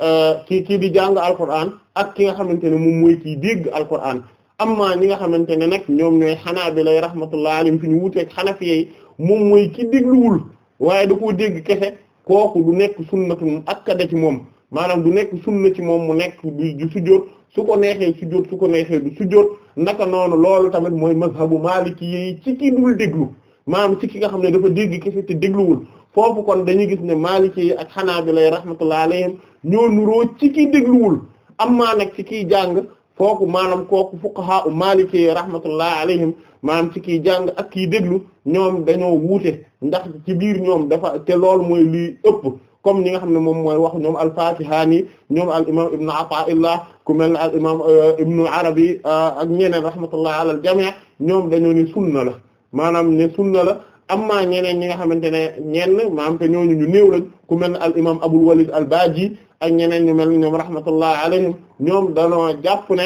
euh, kii kii di jàng alquran ak ki nga xamante ne moom mooy kii dégg alquran amma ñi nga xamante ne nag ñoom xanaa bi lay rahmatullahi alayhim fi ñu wutee xanafi yi moom mooy ki dégluwul waaye da koo dégg kese kooku du nekk sunnatu mu ci moom maanaam du nekk sunna ci moom mu nekk du sujjóot su ko neexee sujjóot su ko neexee du sujjóot naka noonu loolu tamit mooy mazhabu maliki yi ci ki dul déglu maanaam ci ki nga xam ne dafa dégg kese te dégluwul foofu kon dañuy gis ne maliki yi ak hanabila yi rahmatullah alayhim ñoo nuroo ci ki dégluwul amma nag ci kiy jàng kooku maanaam kooku fuqaha u maliki yi rahmatullah alayhim maanaam ci kiy jàng ak kiy déglu ñoom dañoo wuute ndax ci biir ñoom dafa te lool mooy lii ëpp comme ñi nga xam ne moom mooy wax ñoom al-Fatihani ñoom al imam ibnu Ata'illah ku mel ne al imam euh, ibnu Arabi euh, ak ñeneen rahmatullah ala al-jami' ñoom dañoo ni sunna la maanaam ne sunna la amma ñeneen ñi nga xamante ne ñenn maam te ñooñu ñu néew lañ ku mel ne al imam Abul Walid al-Baji ak ñeneen ñu mel ne ñoom rahmatullah alayhim ñoom dañoo jàpp ne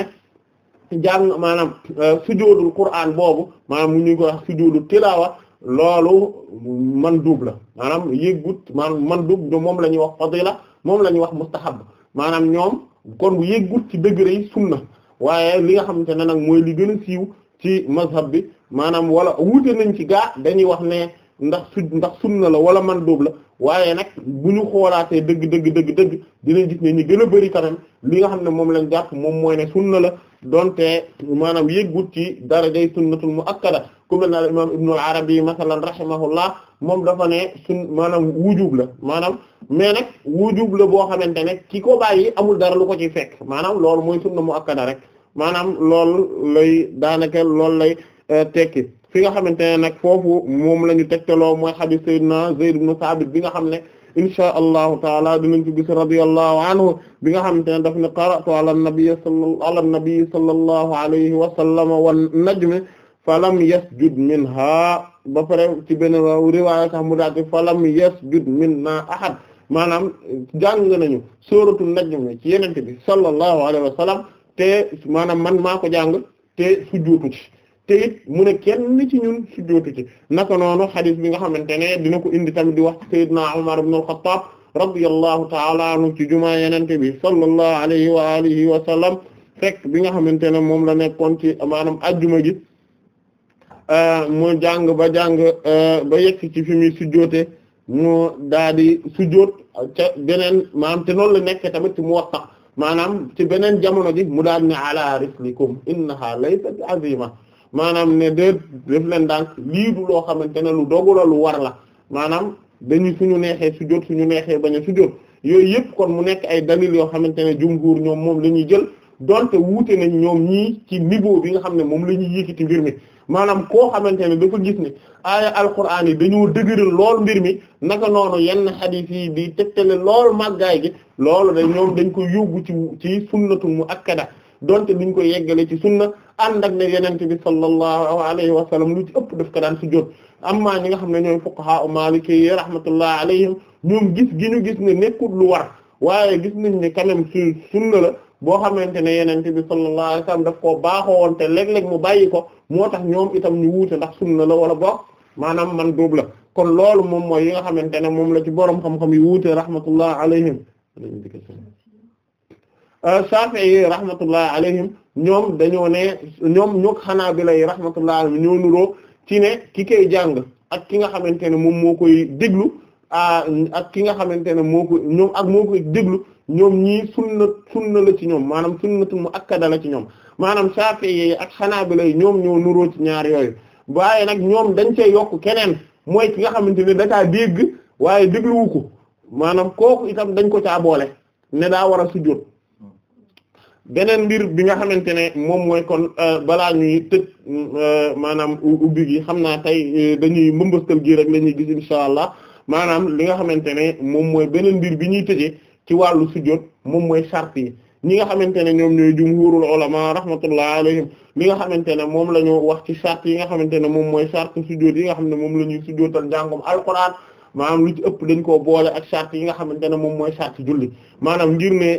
jàng maanaam euh, sujoodul Qur'an boobu maanaam mu ñu ko wax sujoodul tilaawa loolu mandub la maanaam yëggut man mandub do moom la ñuy wax fadila moom la ñuy wax mustahab maanaam ñoom kon bu yëggut ci degré yi na waaye li nga xamante ne nag mooy li gën a siiw ci mazhab bi maanaam wala wuute nañ ci gaa dañuy wax ne ndax su ndax sunna la wala mandub la waaye nag bu ñu xoolaatee dëgg dëgg dëgg dëgg dinañ gis ne ñu gën a bari kanam li nga xam ne moom lañ jàpp moom mooy ne sunna la donte maanaam yëggut ci darajay sunnatul muakkada ku mel na imam Ibn al-Arabi masalan rahimahullah moom dafa ne sun maanaam wujub la maanaam mais nag wujub la boo xamante ne ki ko yi amul dara lu ko ci fekk maanaam loolu mooy sunna muakkada rek maanaam lool lay daanaka loolu lay euh, tekki fi nga xamante ne nag foofu moom la ñu tegtaloo mooy xadis sayyidina Zayd ibn Sabit bi nga xam ne insha allahu taala dinañ ko gis radiyallahu anhu bi nga xamante ne daf ne qara'tu ala nabiyyi ala nabiyyi sallallahu alayhi wa sallam wan najmi falam yasjud minha ba pare ci benn riwaaya sax mu daal falam yasjud minna ahad maanaam jàng nañu sóoratu najm ci yenente bi sallallahu alayhi wa te maanaam man maa ko jàng te sujjuutu te it mu ne kenn ci ñun sujjóotu ci naka noonu xadis bi nga xamante ne dina ko indi tamit di wax sayyidina Umar ibn al-Khattab radiyallahu ta'ala anhu ci jumaa yenente bi sallallahu alayhi wa alihi wa sallam fekk bi nga xamante ne moom la nekkoon ci maanaam ajjuma gi euh, mu jàng ba jàng euh, ba yegg ci fi muy sujjóote mu daadi di sujjóot ca beneen maanaam te la nekk tamit ci Muwatta maanaam ci beneen jamono ji mu daal ne ala rislikum innaha laysat azima maanaam ne def leen ndànk lii du loo xamante ne lu dogu la lu war la maanaam dañu suñu neexee su jot suñu neexee bañ a yooyu yëpp kon mu nekk ay dalil yoo xamante ne jumhuur ñoom moom la ñuy jël donte wuute nañ ñoom ñii ci niveau bi nga xam ne moom la ñuy yëkkati mbir mi maanaam ko xamante ne dafa gis ne aaya alquran yi dañoo dëgëral lool mbir mi naka noonu yenn xadiis yi di tegtale lool màggaay gi loolu da ñoom dañ koy yóbbu ci ci sunnatu mu akkada donte duñ ko yeggale ci sunna ànd ak ne yenente bi sallallahu alayhi wa sallam lu ci ëpp daf ko daan sujjóot amma ñi nga xam ne ñooy fuqaha maliki rahmatullah alayhim ñoom gis gi ñu gis ne nekkul lu war waaye gis nañ ne quand même su sunna la boo xamante ne yenente bi sallallahu alayhi wa sallam daf koo baaxoo woon te léeg-léeg bàyyi ko moo tax ñoom itam ñu wuute ndax sunna la wala boog maanaam man duub la kon loolu moom mooy yi nga xamante ne moom la ci boroom xam-xam yi wuute rahmatullah alayhim Euh, Shafi'i rahmatullah alayhim ñoom dañoo ne ñoom ñook Hanabila yi rahmatullah alayhim ñoo nuroo ci ne ki koy jàng ak ki nga xamante ne moom moo koy déglu ak ki nga xamante ne moo ko ñoom ak moo koy déglu ñoom ñii sunna sunna la ci ñoom maanaam sunnatu muakkada la ci ñoom maanaam Shafi'i yi ak Hanabila yi ñoom ñoo nuroo ci ñaar yooyu waaye nag ñoom dañ cee yokk keneen mooy ki nga xamante ne da kaa dégg waaye dégluwu ko maanaam kooku itam dañ ko caa boole ne daa war a sujjóot beneen mbir bi nga xamante ne moom mooy kon euh, balaa ñuy tëj euh, maanaam ubbi gi xam naa tey euh, dañuy mbëmbastal gi rek la ñuy gis insha allah maanaam li nga xamante ne moom mooy beneen mbir bi ñuy tëjee ci wàllu sujjóot moom mooy sarti yi ñi nga xamante ne ñoom ñooy jumhurul ulama rahmatullah alayhim li nga xamante ne moom la ñu wax ci sart yi nga xamante ne moom mooy sart sujjóot yi nga xam ne moom la ñuy sujjóotal njàngum alquran maanaam lu ci ëpp dañ ko boole ak sart yi nga xamante ne moom mooy sart julli maanaam ngir ne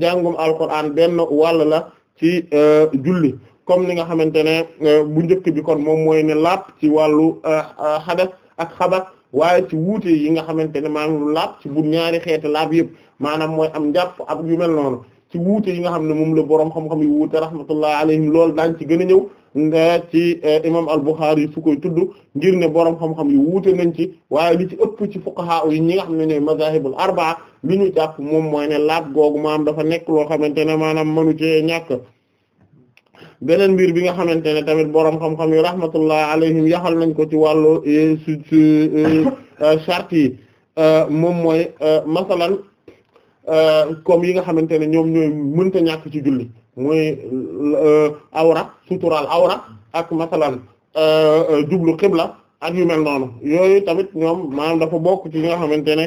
jàngum alquran benn wàll la ci euh, julli comme ni nga xamante ne euh, bu njëkk bi kon moom mooy ne lapp ci wàllu euh, xadas ak xabat waaye ci wuute yi nga xamante ne maanaam lu lapp ci bu ñaari xeeti laab yëpp maanaam mooy am njàpp ab yu mel noonu ci wuute yi nga xam ne moom la boroom xam-xam yi wuute rahmatullah alayhim loolu daañ ci gën a ñëw nga ci eh, imam al-Bukhari yi su tudd ngir ne boroom xam-xam yi wuute nañ ci waaye li ci ëpp ci fuqaha yi ñi nga xam ne ñooy mazahibul arbaa li ñu jàpp moom mooy ne laab googu maam dafa nekk loo xamante ne maanaam mënu ci ñàkk beneen mbir bi nga xamante ne tamit boroom xam-xam yi rahmatullah alayhim yaxal nañ ko ci wàllu eh, su su eh, *coughs* yi moom mooy masalan kom euh, yi nga xamante ne ñoom ñooy mënta ñàkk ci julli muy euh, awra sutural awra ak masalan euh, jublu xibla ak yu mel noonu yooyu tamit ñoom maanaam dafa bokk ci yi nga xamante ne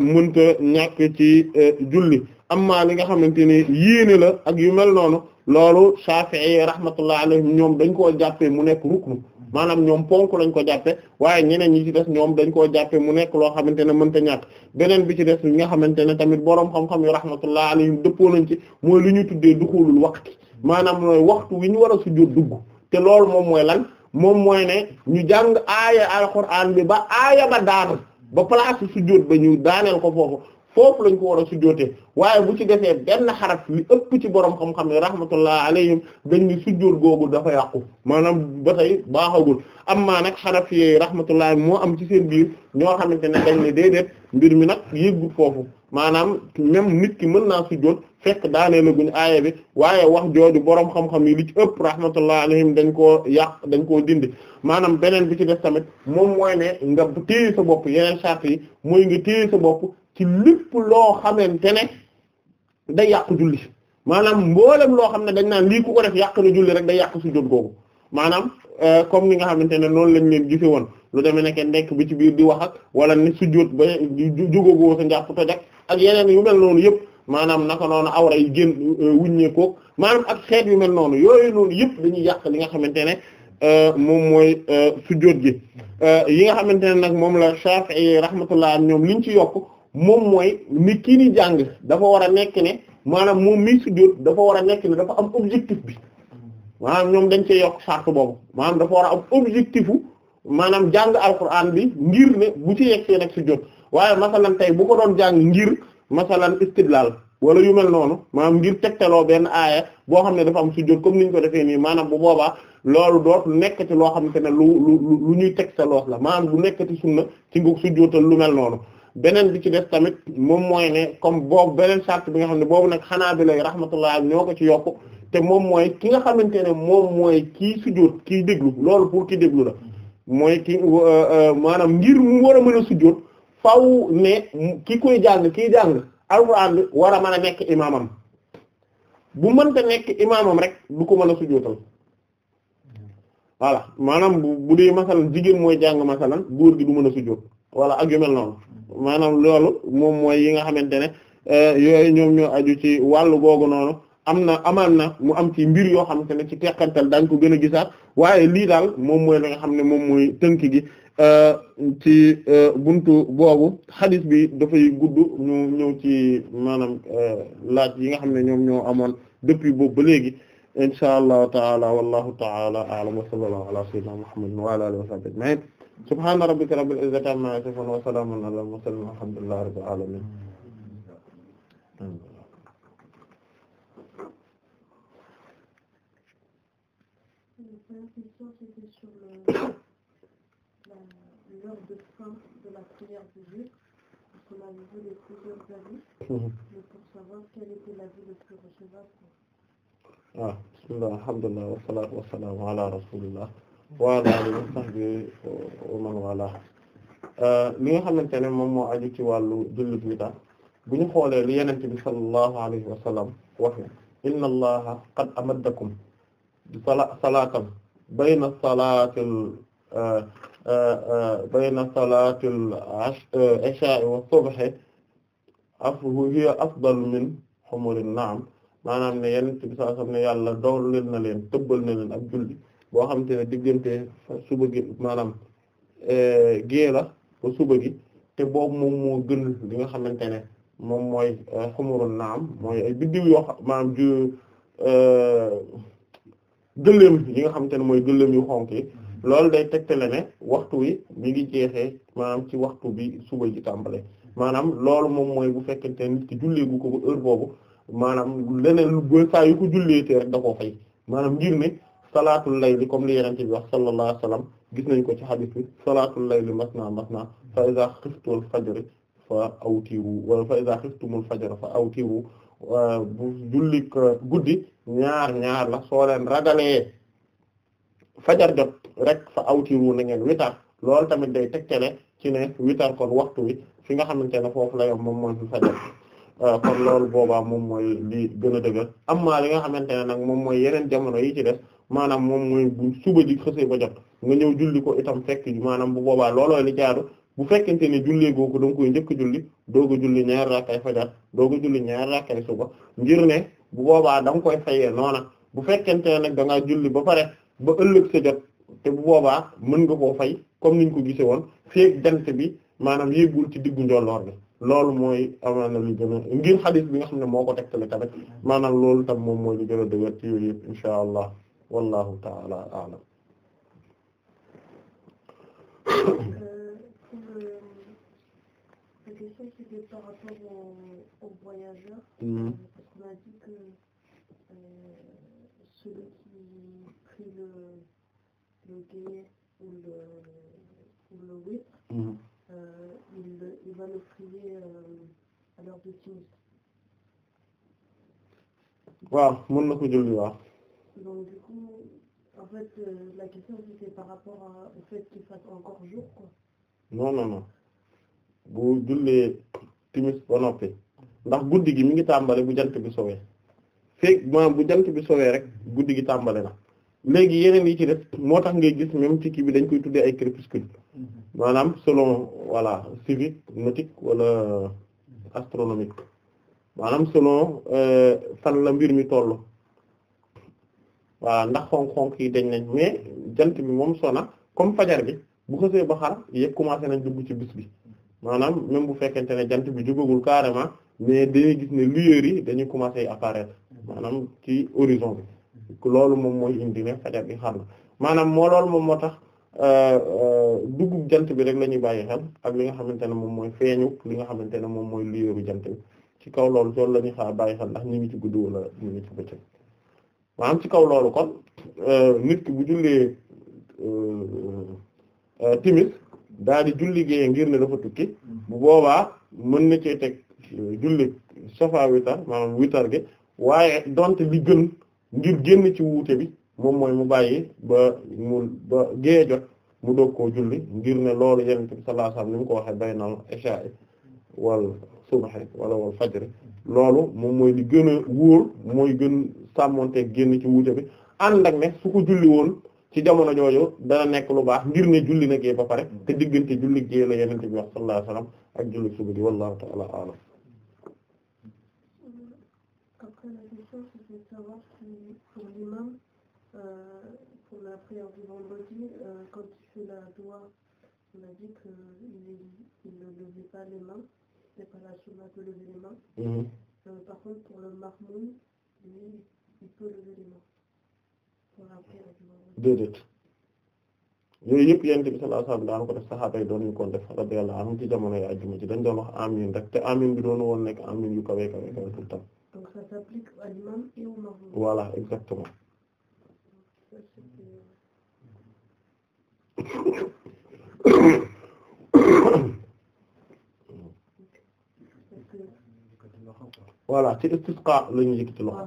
mënta ñàkk ci julli amma li nga xamante ne yéene la ak yu mel noonu loolu Shafi'i rahmatullah alayhim ñoom dañ ko jàppee mu nekk ruknu maanaam ñoom ponk lañ ko jàppe waaye ñeneen ñi ci def ñoom dañ koo jàppe mu nekk loo xamante ne mënta ñàkk beneen bi ci des li nga xamante ne tamit boroom xam-xam yu rahmatullah alayhim dëppoo nañ ci mooy li ñu tuddee duxulul waxti maanaam mooy waxtu wi ñu war a sujjóot dugg te loolu moom mooy lan moom mooy ne ñu jàng aaya alxuraan bi ba aaya ba daanu ba place sujjóot ba ñu daaneel ko foofu foofu lañ ko war a sujjootee waaye bu ci defee benn xaraf li ëpp ci borom xam-xam yi rahmatullah alayhim dañ ni sujjoot googu dafa yàqu maanaam ba tey baaxagul amma nag xaraf yee rahmatullah moo am ci seen biir ñoo xamante ne dañ ne déedéet mbir mi nag yëggu foofu maanaam même nit ki mën naa sujjoot fekk daanee la guñ aaya bi waaye wax jooju borom xam-xam yi li ci ëpp rahmatullah alayhim dañ koo yàq dañ koo dindi maanaam beneen bi ci def tamit moom mooy ne nga téye sa bopp yeneen charte yi mooy nga téye sa bopp ci lépp loo xamante ne day yàq julli maanaam mboolem loo xam ne dañ naan lii ko def yàq na julli rek day yàq sujjóot googu maanaam euh, comme ni nga xamante ne noonu lañ leen gise woon lu demee nekk nekk bi ci biir di wax ak wala ni sujjóot ba jógagoo sa njàpp tojak ak yeneen yu mel noonu yëpp maanaam naka noonu awra yi génn euh, wuññeekoo maanaam ak xeet yu mel noonu yooyu noonu yëpp dañuy yàq li nga xamante ne euh, moom mooy sujjóot gi yi nga xamante ne nag moom la Shafi'i rahmatullah ñoom liñ ci yokk moom mooy ni kii ni jàng dafa war a nekk ne maanaam moom mi sujjóot dafa war a nekk ne dafa am objectif bi maanaam ñoom dañ cee yokk sart boobu maanaam dafa war a am objectifu maanaam jàng alquran bi ngir ne bu ci yegg see nag sujjóot waaye masalan tey bu ko doon jàng ngir masalan istidlal wala yu mel noonu maanaam ngir tegtaloo benn aaya boo xam ne dafa am sujjóot comme ni ñu ko defee nii maanaam bu booba loolu doot nekkati loo xamante ne lu lu lu ñuy tegtaloo la maanaam lu nekkati sunna ci nga sujjóotal lu mel noonu beneen bi ci def tamit moom mooy ne comme boobu beneen sart bi nga xam ne boobu nag xanaa bi lay rahmatullah ñoo ko ci yokk te moom mooy ki nga xamante ne moom mooy kii sujjóot kii déglu loolu pour ki déglu la mooy ki euh, euh, maanaam ngir mu war a mën a sujjóot faw ne ki koy jàng kii jàng alxuraan bi war a mën a nekk imaamam bu mënta nekk imaamam rek du ko mën a sujjóotal voilà maanaam bu dee masalan jigéen mooy jàng masalan góor gi du mën a sujjóot wala ak yu noonu maanaam loolu moom mooy yi nga xamante ne euh, yooyu ñoom ñoo aju ci wàllu googu noonu am na amaan na mu am ci mbir yoo xamante ne ci teqantal daañ ko gën a gisaat waaye lii daal moom mooy li nga xam ne moom mooy tënk gi euh, ci euh, buntu boobu hadith bi dafay gudd ñu ñëw ci maanaam laaj yi nga xam ne ñoom ñoo amoon depuis boobu ba léegi insha allahu taala wallahu taala a'lam wa sallallahu ala sayyidina muhammadin wa ala alihi wa sahbihi ajma'in subhaana rabbika rabbil izzati amma yasifuun wa salaamun alal mursaliin walhamdulillahi rabbil aalamiin de fin de la prière du jour, parce qu'on avait vu les *coughs* plusieurs avis, mais pour savoir quel était l'avis le plus recevable. Ah, bismillah, alhamdulillah, wa salaatu wa salaamu ala rasulillah wa alihi wa sahbihi euh, wa man wala li euh, nga xamante ne moom moo aju ci wàllu jullit mi tax bu ñu xoolee li yenente bi sallallahu alayhi wa sallam waxe inna allaha qad amaddakum sala salaatan bayna salaatil euh, bayna salaatil isha'i wa subhi af hiya afdal min humurin na'am maanaam ne yenente bi sallallahu alayhi wa sallam ne yàlla dooleel na leen tëbbal na leen ak julli boo xam te ne diggante suba gi maanaam euh, gée la ba suba gi te boobu moom moo gën li nga xamante ne moom mooy euh, xumurul naam mooy ay biddiw yoo xam maanaam ju euh, gëléem yi nga xamante ne mooy gëléem yu xonk yi mm-hmm. loolu day tegtale ne waxtu wi mi ngi jeexee maanaam ci waxtu bi suba ji tàmbale maanaam loolu moom mooy bu fekkante nit ki julleegu ko ba heure boobu maanaam leneen lu booy saa yu ko julleetee rek da fay maanaam ngir ne salaatul layli comme li yenente bi wax sallallahu alayhi wasallam gis nañ ko ci xadis bi salaatul layli masna masna fa iza xiftul fajri fa awtiru wala fa iza xiftumul fajra fa awtiru bu julli guddi ñaar ñaar la soo leen ragalee fajar jot rek fa awtiru na ngeen witar loolu tamit day tegtale ci ne witar kon waxtu wi fi nga xamante ne foofu la yom moom mooy fi fajar kon loolu boobaa moom mooy li gën a dëgër li nga xamante ne nag moom mooy yeneen jamono yi ci def maanaam moom mooy bu suba ji xësee ba jot nga ñëw julli ko itam fekk maanaam bu boobaa looloo li jaadu bu fekkente ne jullee googu da nga koy njëkk julli doog a julli ñaari rakkay fajar doog a julli ñaari rakkay suba ngir ne bu boobaa da koy fayee noona bu fekkente ne nag da julli ba pare ba ëllëg sa jot te bu boobaa mën nga koo fay comme niñ ko gisee woon feek jant bi maanaam yéegul ci diggu njolloor bi loolu mooy amaana li gën a ngir xadis bi nga xam ne moo ko tegtale tamit maanaam loolu tam moom mooy li gën a dëgër ci yooyu yëpp wallahu taala a'lam La question c'était par rapport aux au voyageurs mmh. parce qu'on a dit que euh, celui qui prit le le gué ou le ou le witr mmh. euh, il il va le prier euh, à l'heure de timis. waaw mën na ko julli waaw. donc du En euh, non non bu julee timis ba noppi ndax guddi gi mi ngi tàmbale bu jant bi sowee feeg bu jant bi sowee rek guddi gi tàmbale na léegi yeneen yi ci def moo tax ngay gis même ci kii bi dañ koy tuddee ay crépuscule mm-hmm. maanaam selon voilà civique nautique wala astronomique maanaam selon euh, fan la mbir mi tollu waaw ndax xonk-xonk yi dañ nañ mais jant bi moom sona comme fajar bi bu xasee ba xar yëpp commencé nañ dugg ci bis bi maanaam même bu fekkente ne jant bi jugagul carrément mais dañuy gis ne lueurs yi dañuy commencé apparaître maanaam ci horizon bi loolu moom mooy indi ne fajar bi maanaam moo loolu moom moo tax euh, euh, dugg jant bi rek la ñuy bàyyi xel ak li nga xamante ne moom mooy feeñu li nga xamante ne moom mooy lueuru jant bi ci kaw loolu loolu la xaar bàyyi xel ndax ñu ngi ci guddi wala ñu ngi ci bëccëg maanaam ci kaw loolu kon euh, nit ki bu jullee euh, euh, timis daal di julli gée ngir ne dafa tukki bu boobaa mën na cee teg julli safa witar maanaam witar gi waaye donte li gën ngir génn ci wuute bi moom mooy mu bàyyi ba mu jot mu doog ko julli ngir ne loolu yonent bi sallallahu alayhi ni mu ko waxee bay nal isha'i wal subhi wala wal fajr loolu moom mooy li gën wóor mooy gën sàmmonteeg génn ci wuute bi ànd ak ne su ko julli woon ci jamono jooju dana nekk lu baax ngir ne julli na gee ba pare te diggante julli gee la yenente bi ne levait pas les mains, c'est pas la sunna de déedéet yooyu yëpp yonent bi sallallahu alayhi wasallam daan ko def saxaaba yi doon ñu ko def radiyallahu anhum ci jamono yi ajjuma ci dañ doon wax amin rek te amin bi doon woon nekk amin yu kawe kawe kawe tout le temps. donc ça s'applique à l'imam et au mamoum. voilà exactement. *coughs* voilà ci istisqa la ñu yëkkati loxo.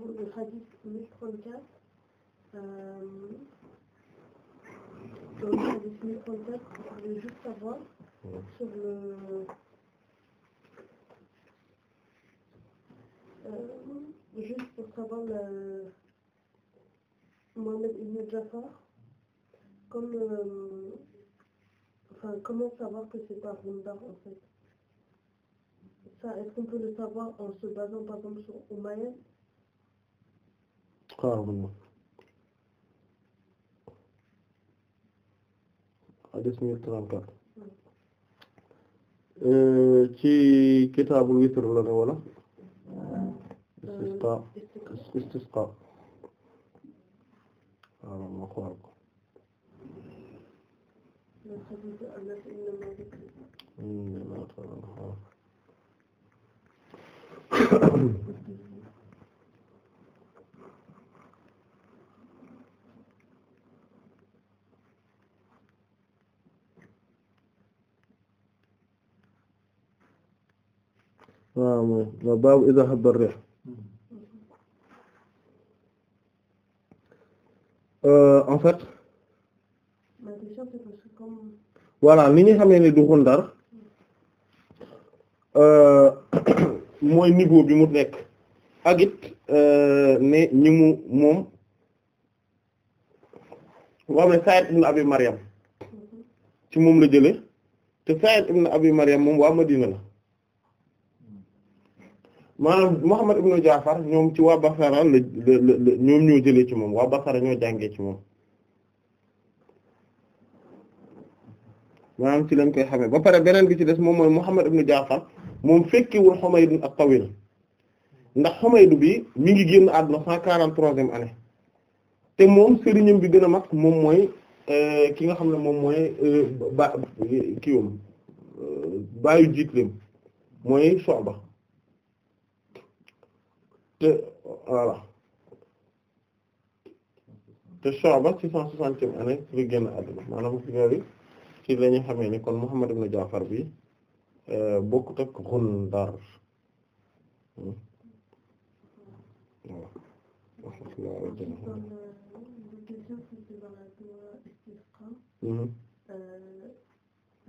pour le hadith 1034, euh, sur le hadith 1034, je voulais juste savoir sur le euh, juste pour savoir le Mohamed Ibn Jafar, comme euh, comment savoir que c'est pas Rundar en fait. Ça, est le savoir en se basant par exemple sur Umayya xaaral ma hadis mille trente-quatre ci kitaabul witr la ne wala istisqa istisqa waaw ma xool ko waaw mooy baabu iza habba rih euh, en fait voilà li ñu xamee ne du xundar euh, *coughs* mooy niveau bi mu nekk ak it euh, ne ñi moom moo xam ne Sa'id ibn Abi Maryam ci moom la jële te Sa'id ibn Abi Maryam moom waa Madina la maanaam Muhammad ibn Jaafar ñoom ci waa Basara la ñoom ñoo jëlee ci moom waa Basara ñoo jàngee ci moom ci lañ koy xamee ba pare beneen bi ci des moom mooy Muhammad ibn Jaafar moom fekkiwul Humayd at-Tawil ndax Humayd bi mi ngi génn àdduna cent quarante-troisième année te moom sëriñam bi gën a mag moom mooy euh, ki nga xam ne moom mooy euh, ba kiiwam euh, bàyyu jiitlim mooy Shu'ba te voilà te Shu'ba six cent soixantième année ci la génn àdduna maanaam yooyu ci la ñu xamee ni kon Muhammad ibn Ja'far bi euh, bokkut ak Ghundar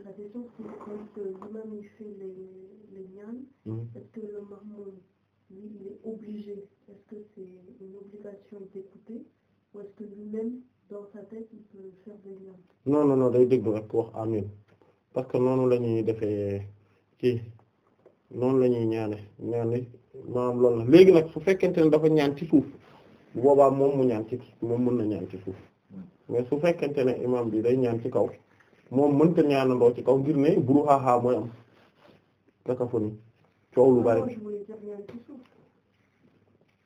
la question c'est quand l'imam il fait les les ñaan est-ce que le mamoum hmm. lui, il est day déglu rek wax parce que noonu la ñuy ci noonu la ñuy ñaane ñaane maanaam loolu léegi nag su fekkente ne dafa ñaan ci suuf bu boobaa moom mu ñaan ci moom mën na ñaan ci suuf mais su fekkente ne imam bi day ñaan ci kaw moom mën mënta ñaanandoo ci kaw ngir ne brouhaha mooy am cacophonie coow lu bari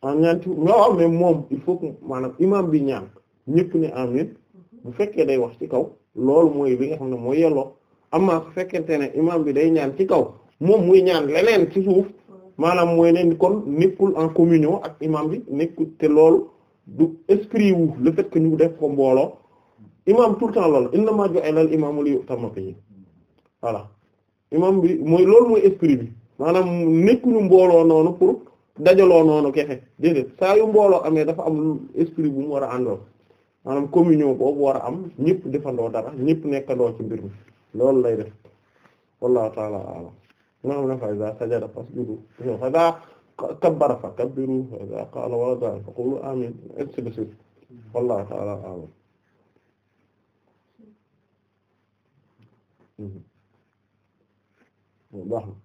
en ñaanti waaw mais moom il faut que maanaam imam bi ñaan ñëpp ne amin bu fekkee day wax ci kaw loolu mooy bi nga xam ne mooy yelloo amma su fekkente ne imam bi day ñaan ci kaw moom muy ñaan leneen ci suuf maanaam mooy ne kon nekkul en communion ak imam bi nekkul te loolu du esprit la le fait que ñu def ko mbooloo imam tout le temps loolu innamaa ju'ila al imaamu li yu'tamma bihi voilà imam bi mooy loolu mooy esprit bi maanaam nekkuñu mbooloo noonu pour dajaloo noonu kexe déedéet saa mbooloo amee dafa am esprit bu mu war a àndoo maanaam communion boobu war a am ñëpp defandoo dara ñëpp nekkandoo ci mbir mi loolu lay def wallahu ta'ala a'lam maanaam na fa iza sajada fasjudu fa iza kabbara fa kabbiru fa iza qala wa da fa qulu amin ainsi de suite wallahu ta'ala a'lam hmm. Hmm.